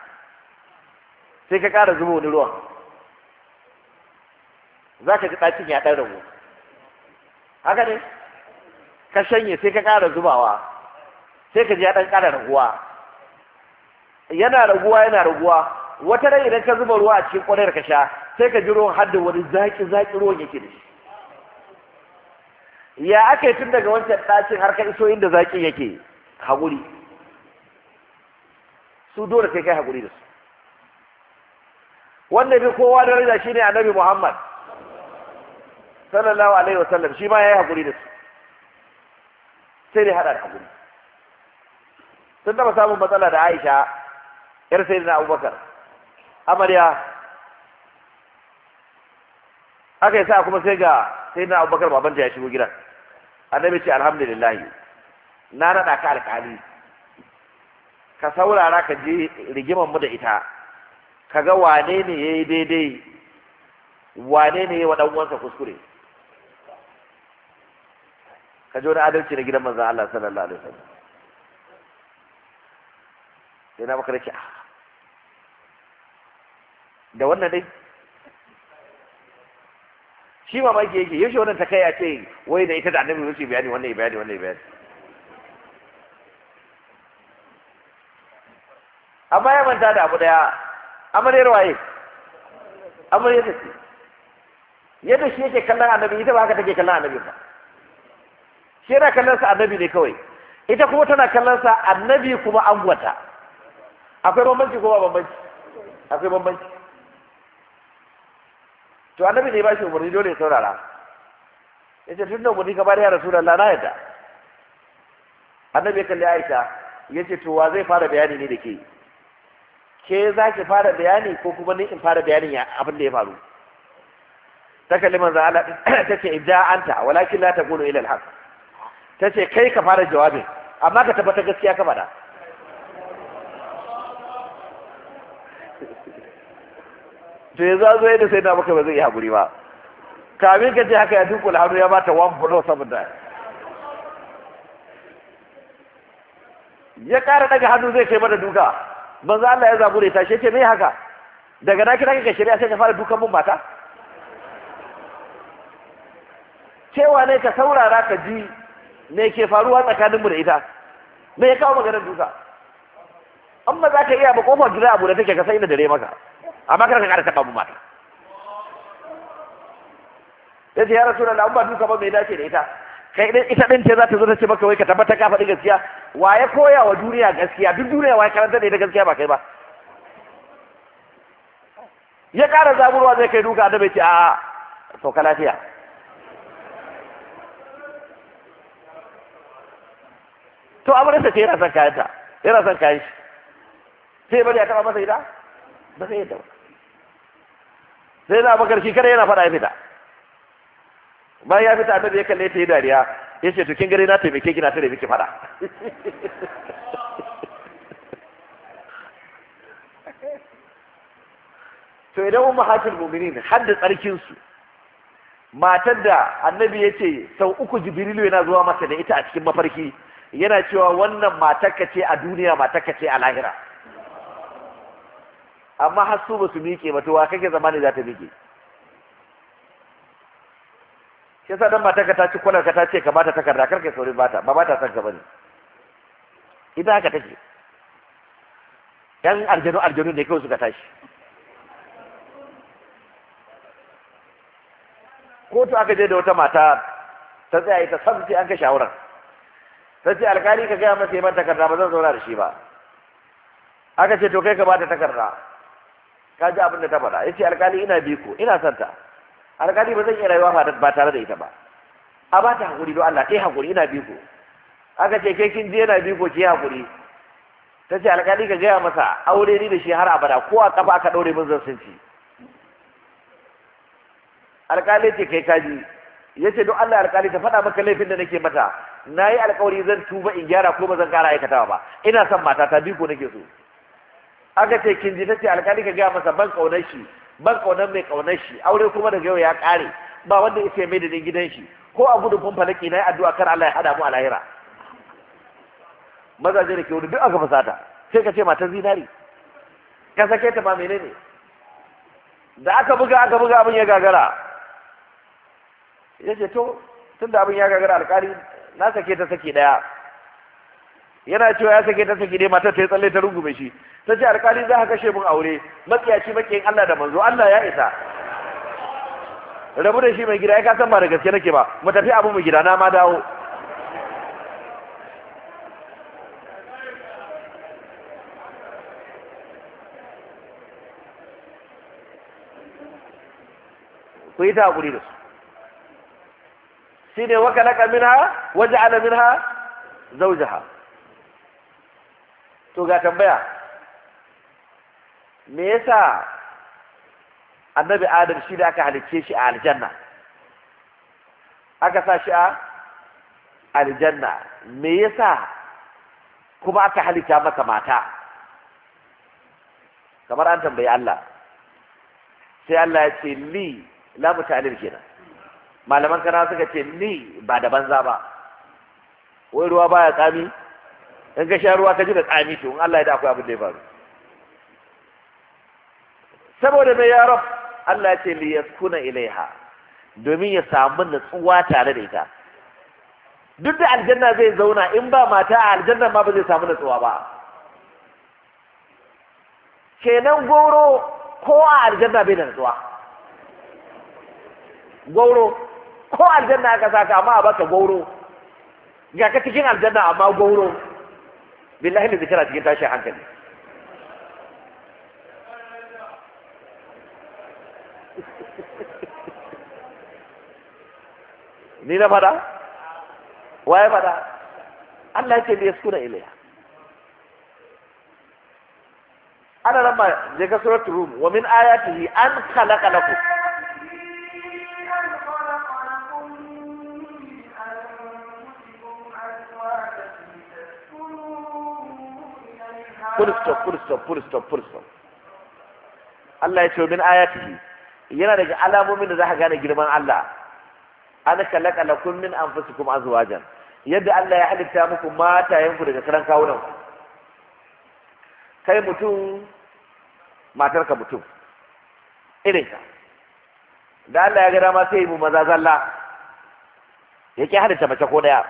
sai ka ƙara zuba wani ruwan za ka ji ɗakin ya ɗan rabu haka ne ka shanye sai ka ƙara zubawa sai ka ji ya ɗan ƙara raguwa yana raguwa yana raguwa wata rai idan ka zuba ruwa a cikin ƙwarar ka sha sai ka ji ruwan har da wani zaƙi zaƙi ruwan yake da shi ya aka yi tun daga wancan ɗakin har ka iso inda zaƙin yake haƙuri su dole sai kai haƙuri da su wanda bi kowa da rida ne annabi Muhammad sallallahu alaihi wasallam shi ma yayi hakuri da su sai dai hada da hakuri sun taɓa samun matsala da Aisha yar sayyidina Abubakar amarya aka yi sa kuma sai ga sayyidina Abubakar babanta ya shigo gidan annabi ce alhamdulillah na nada ka alƙali ka saurara ka je rigiman mu da ita ka ga wane ne yayi daidai wane ne ya wa dan uwansa kuskure ka ji wani adalci na gidan manzan Allah sallallahu alaihi wasallam sai na maka da ah. da wannan dai shi baki yake yaushe wannan ta kai a ce wai da ita da annabi wuce bayani wannan ya bayani wannan ya bayani amma ya manta da abu daya amaryar waye amaryar da ce yadda shi yake kallon annabi ita ba haka take kallon annabi ba shi yana kallon sa annabi ne kawai ita kuma tana kallon sa annabi kuma angwata akwai bambanci ko ba bambanci akwai bambanci to annabi ne ba shi umarni dole ya saurara yace tun da umarni ka bari ya rasulullah na yadda annabi ya kalli aisha yace to wa zai fara bayani ne da ke ke za ki fara bayani ko kuma ni in fara bayanin ya abin da ya faru ta kalli manzo Allah tace ce anta walakin la taqulu ila al-haq ta ce kai ka fara jawabin amma ka tabbata gaskiya ka fada to yanzu za zo yadda sai na maka ba zai yi haƙuri ba kamin ka ce haka ya dunkula hannu ya bata wan bulo saboda ya ƙara daga hannu zai kai mana duka za Allah ya zabure ta shi ce me haka daga na kira ka shirya sai ka fara dukan mun mata cewa ne ka saurara ka ji me ke faruwa tsakaninmu da ita me ya kawo maganar duka amma za ka iya ba kofar gida abu da take ka sai da dare maka amma kar ka ƙara taɓa mu mata ya ce ya rasu da an ba dusa ba mai dace da ita kai ɗin ita ɗin ce za ta zo ta ce maka wai ka tabbata ka faɗi gaskiya wa ya koya wa duniya gaskiya duk duniya wa ya karanta da ita gaskiya ba kai ba ya ƙara zaburwa zai kai duka da bai ce a sauka lafiya to amurinsa ce yana son kayan ta yana son kayan shi sai bari ya taba masa ita ba sai yadda ba sai na bakar shi kada yana fada ya fita bayan ya fita annabi ya kalle ta yi dariya ya ce to kin gare na taimake gina ta da miki fada to idan umma hatul mu'minin hadda tsarkin su matar da annabi ya ce sau uku jibrilu yana zuwa masa da ita a cikin mafarki yana cewa wannan matarka ce a duniya matarka ce a lahira amma har su ba su miƙe ba to wa kake zamani za ta miƙe shi yasa dan matarka ta ci kwalarka ta ce ka bata takarda kar kai saurin bata ba bata son ka bane ita haka take yan aljanu aljanu ne kawai suka tashi kotu aka je da wata mata ta tsaya ita sabbi an ka shawara ta ce alkali ka gaya masa yaman takarda ba zan zauna da shi ba aka ce to kai ka ba ta takarda ka ji abin da ta faɗa ya ce alkali ina biko ina son ta alkali ba zan iya rayuwa ba tare da ita ba a ba ta haƙuri don Allah kai eh, haƙuri ina biko aka ce kai kin je yana biko ki haƙuri ta ce alkali ka gaya masa aure ni da shi har abada ko a kafa aka ɗaure min zan sun ci alkali ce kai kaji ya ce don Allah alkali ta faɗa maka laifin da nake mata na yi alkawari zan tuba in gyara ko ba zan ƙara aikatawa ba ina son matata biko nake so aka ce kin ji ta ce alƙali ka gaya masa ban ƙaunar shi ban ƙaunar mai ƙaunar shi aure kuma daga yau ya ƙare ba wanda ya mai da gidan shi ko a gudun kun falaki na yi addu'a kar Allah ya hada mu a lahira mazaje da ke wani duk aka fasata sai ka ce matan zinari ka sake ta ma menene da aka buga aka buga abin ya gagara ya ce to tun da abin ya gagara alƙali na sake ta saki daya yana cewa ya sake ta saki dai matar ta yi tsalle ta rungume shi ta ce alkali za ka kashe mun aure makiyaci makiyin Allah da manzo Allah ya isa rabu da shi mai gida ya kasan ba da gaske nake ba mu tafi abu mu gida na ma dawo ku yi ta hakuri da su shine ha waje alamin ha minha zawjaha to ga tambaya me yasa annabi adam shi da aka halicce shi a aljanna aka sa shi a aljanna me yasa kuma aka halitta maka mata kamar an tambayi Allah sai Allah ya ce li lamu mutalil kenan malaman kana suka ce ni ba da banza ba wai ruwa baya tsami in ka sha ruwa ka ji da tsami to in Allah ya da akwai abin da ya faru saboda mai ya rab Allah ya ce li yaskuna ilaiha domin ya samu natsuwa tare da ita duk da aljanna zai zauna in ba mata a aljanna ma ba zai samu natsuwa ba kenan goro ko a aljanna bai da natsuwa goro ko aljanna aka saka amma a baka gauro ga ka cikin aljanna amma gauro billahi da zikira cikin tashi hankali ni na fada waye fada Allah yake da yaskuna ilayya ana nan ba je ka suratul rum wa min ayatihi an khalaqa lakum full stop full stop full stop full stop Allah ya ce min ayatihi yana daga alamomin da za ka gane girman Allah an kallaka lakum min anfusikum azwajan yadda Allah ya halitta muku matayenku daga karan kawunan ku kai mutum matarka mutum irinka da Allah ya ga dama sai mu maza zalla yake halitta mace ko daya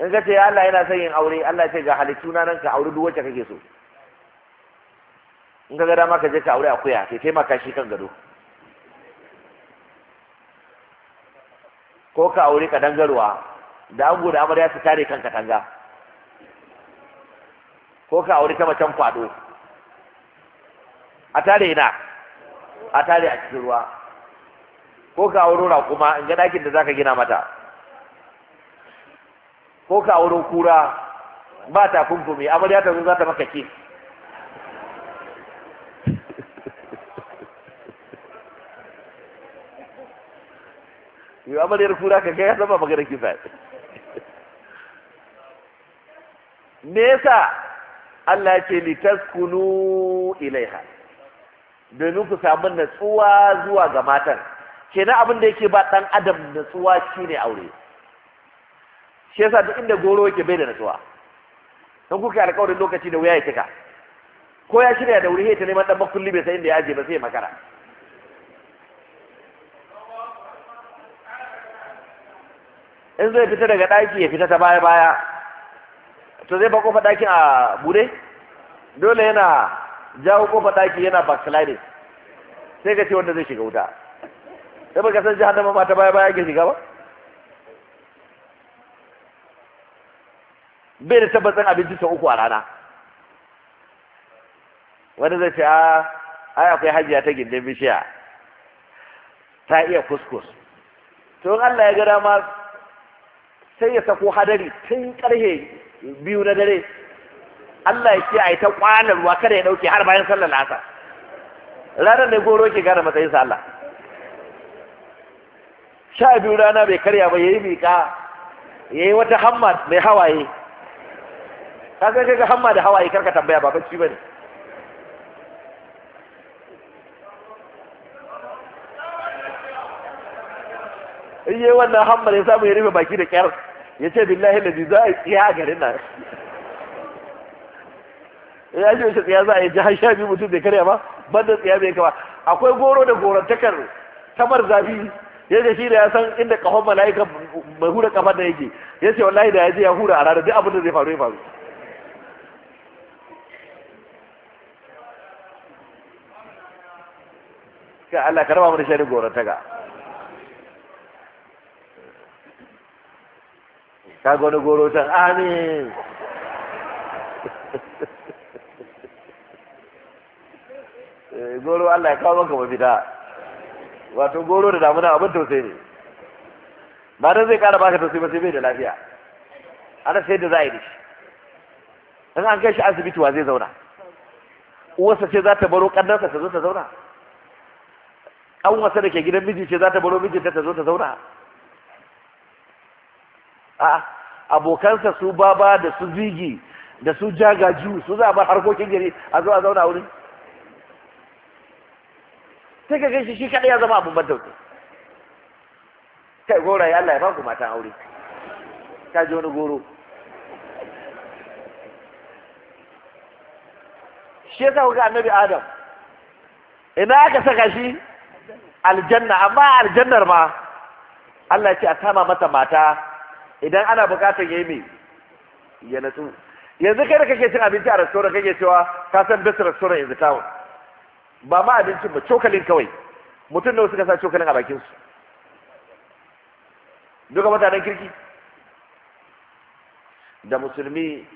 in ka ce Allah yana son yin aure Allah ce ga halittu na nan ka aure duk wacce kake so in ka ga dama ka je ka aure akuya ke taimaka shi kan gado ko ka aure ka dangarwa da ango da amarya su tare kan katanga ko ka aure ta macen kwado a tare ina a tare a cikin ruwa ko ka aure raƙuma in ga ɗakin da zaka gina mata ko ka wuro kura ba takunkumi amarya ta zo za ta maka ke yi amaryar kura ka kai ya zama magana kisa me yasa Allah ce litaskunu ilaiha domin ku samu natsuwa zuwa ga matan kenan abin da yake ba dan adam natsuwa shine aure shi yasa duk inda goro yake bai da natsuwa don kuka alƙawarin lokaci da wuya ya cika ko ya shirya da wuri ta neman dan makulli bai san inda ya je ba sai ya makara in zai fita daga ɗaki ya fita ta baya baya to zai ba kofa daki a bude dole yana jawo kofa ɗaki yana backsliding sai ka ce wanda zai shiga wuta sai ka san jihar da ta baya baya ke shiga ba bai da tabbacin abinci sau uku a rana wani zai ce a ai akwai hajiya ta gindin bishiya ta iya kuskus to Allah ya ga dama sai ya sako hadari tun karhe biyu na dare Allah ya ce a yi ta kwana ruwa kada ya dauke har bayan sallar lasa ranar da goro ke gane matsayin Allah. sha biyu rana bai karya ba yayi miƙa yayi wata hamma mai hawaye ka ga ga hamma da hawaye karka tambaya ba bacci bane iye wannan hamma ya samu ya rufe baki da kyar ya ce billahi da za a tsiya a garin nan ya ce wace tsiya za a yi jihar sha biyu mutum bai karya ba banda tsaya tsiya bai kama akwai goro da gorantakar tamar zafi ya ce shi da ya san inda kafan mala'ika mai hura kafan da yake ya ce wallahi da ya je ya hura a ranar duk abin da zai faru ya faru ka Allah ka raba mu da shari gora ta ga ka gwani goro ta amin eh, goro Allah ya kawo maka mafita wato goro da damuna abin tausayi ne ba dan zai kara baka tausayi ba sai bai da lafiya ana sai da za a yi da shi in an kai shi asibiti wa zai zauna uwarsa ce za ta baro ƙannarsa ta zo ta zauna An wasa da ke gidan miji ce za ta baro mijinta ta zo ta zauna a abokansa su baba da su zigi da su jagaju su za ba harkokin gari a zo a zauna wurin sai ka gaishe shi kaɗai ya zama abin ban tauke kai gora ya Allah ya baku matan aure ka ji wani goro shi yasa kuka annabi adam ina aka saka shi aljanna amma aljannar ma Allah ce a kama mata mata idan ana bukatar yayi me ya natsu yanzu kai da kake cin abinci a restaurant kake cewa ka san best restaurant in the town ba ma abincin ba cokalin kawai mutum nawa suka sa cokalin a bakin su duka mutanen kirki da musulmi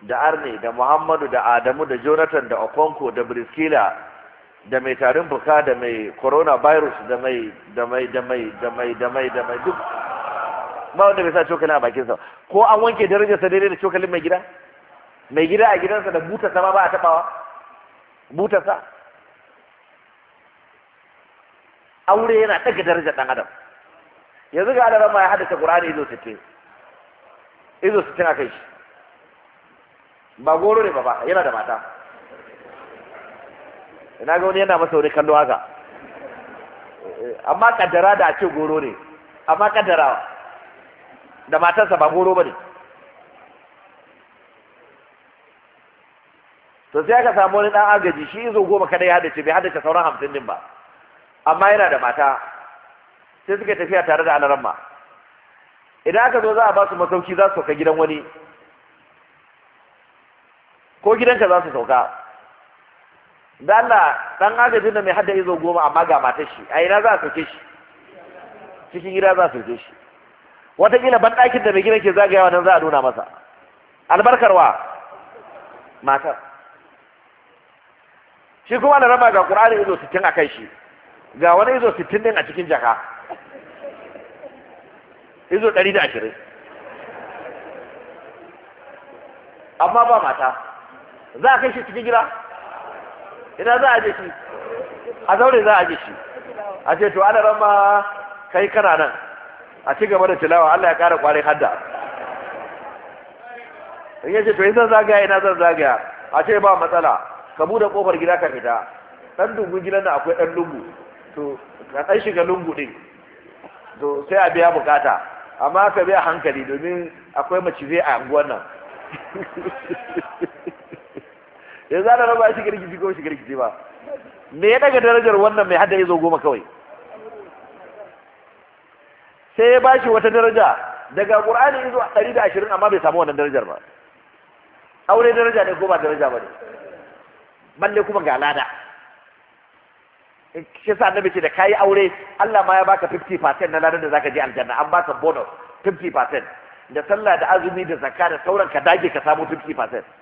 da arne da muhammadu da adamu da jonathan da okonko da briskila da mai tarin buka da mai coronavirus da mai da mai da mai da mai da mai da mai duk ba wanda bai sa cokali a bakinsa ko an wanke darajarsa daidai da cokalin mai gida mai gida a gidansa da butarsa ma ba a taɓawa butarsa aure yana ɗaga darajar ɗan adam yanzu ga adara ma ya haddace ƙur'ani izo sittin izo su a kai shi ba goro ne ba ba yana da mata ina ga wani yana masa wani kallo haka amma kaddara da a ce goro ne amma kaddara da matarsa ba goro ba ne to sai aka samu wani ɗan agaji shi izo goma kada ya haddace bai haddace sauran hamsin din ba amma yana da mata sai suka tafiya tare da alaramma idan aka zo za a ba su masauki za su sauka gidan wani ko gidanka za su sauka da Allah dan agajin da mai hada izo goma amma ga matar shi a ina za a soke shi cikin gida za a soke shi wataƙila ban ɗakin da mai gina ke zagayawa nan za a nuna masa albarkarwa matar shi kuma da rama ga ƙur'ani izo sittin a kai shi ga wani izo sittin din a cikin jaka izo ɗari da ashirin amma ba mata za a kai shi cikin gida ina za a je shi a zaure za a je shi a ce to ana rama kai kana nan a ci gaba da tilawa Allah ya kara kwarin hadda in yace to zan zagaya ina zan zagaya a ce ba matsala ka bude kofar gida ka fita dan dungun gidan da akwai dan lungu to ka dan shiga lungu din to sai a biya bukata amma ka biya hankali domin akwai zai a anguwan nan ya zana raba shi shiga rikici ko shiga rikici ba me ya daga darajar wannan mai hada ya zo goma kawai sai ya bashi wata daraja daga qur'ani ya zo ɗari da ashirin amma bai samu wannan darajar ba aure daraja ne ko ba daraja ba ne balle kuma ga lada shi sa annabi ce da kayi aure Allah ma ya baka 50% na ladan da zaka je aljanna an baka bonus 50% da sallah da azumi da zakka da sauran ka dage ka samu 50%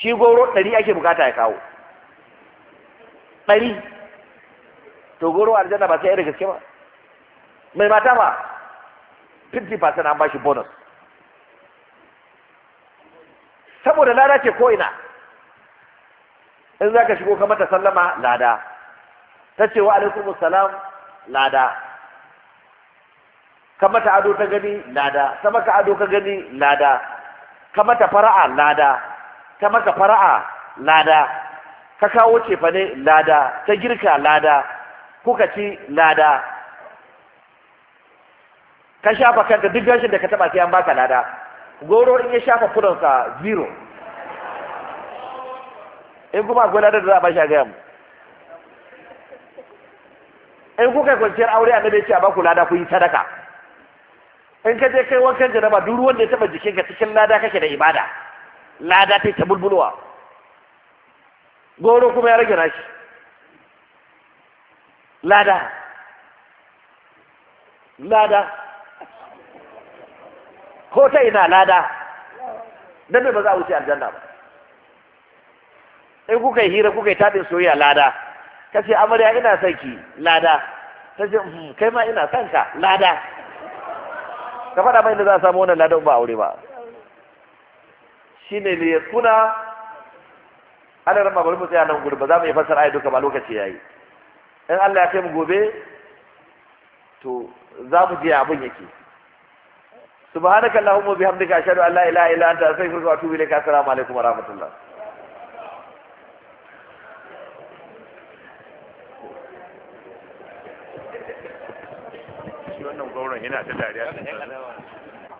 shi goro ɗari ake bukata ya kawo ɗari to goro aljanna ba sai yadda gaske ba mai mata ba 50% an ba shi bonus saboda lada ce ko'ina in za ka shigo ka mata sallama lada ta ce wa alaikun salam lada ka mata ado ta gani lada ta maka ado ka gani lada ka mata fara'a lada ta maka fara'a lada ka kawo cefane lada ta girka lada kuka ci lada ka shafa kanka duk gashin da ka taba sai an baka lada goro in ya shafa kudansa zero in kuma akwai ladar da za a bashi a gaya mu in kuka yi kwanciyar aure a nabe ce a baku lada ku yi sadaka in ka je kai wankan jaraba duk ruwan da ya taba jikinka cikin lada kake da ibada lada ta bulbulwa goro kuma ya rage nashi lada lada ko ta ina lada dan ba za a wuce aljanna ba in kuka yi hira kuka yi taɗin soyayya lada ka ce amarya ina son ki lada ta ce hmm, kai ma ina son ka lada ka faɗa mai da za a samu wannan ladan ba aure ba Shi ne ya suna ana rama bari mu tsaya nan gudu ba za mu yi fasar ayi duka ba lokaci yayi in Allah ya kai mu gobe to za mu je abun yake subhanaka allahumma bihamdika ashhadu an la ilaha illa anta astaghfiruka wa atubu ilayka assalamu alaikum wa rahmatullah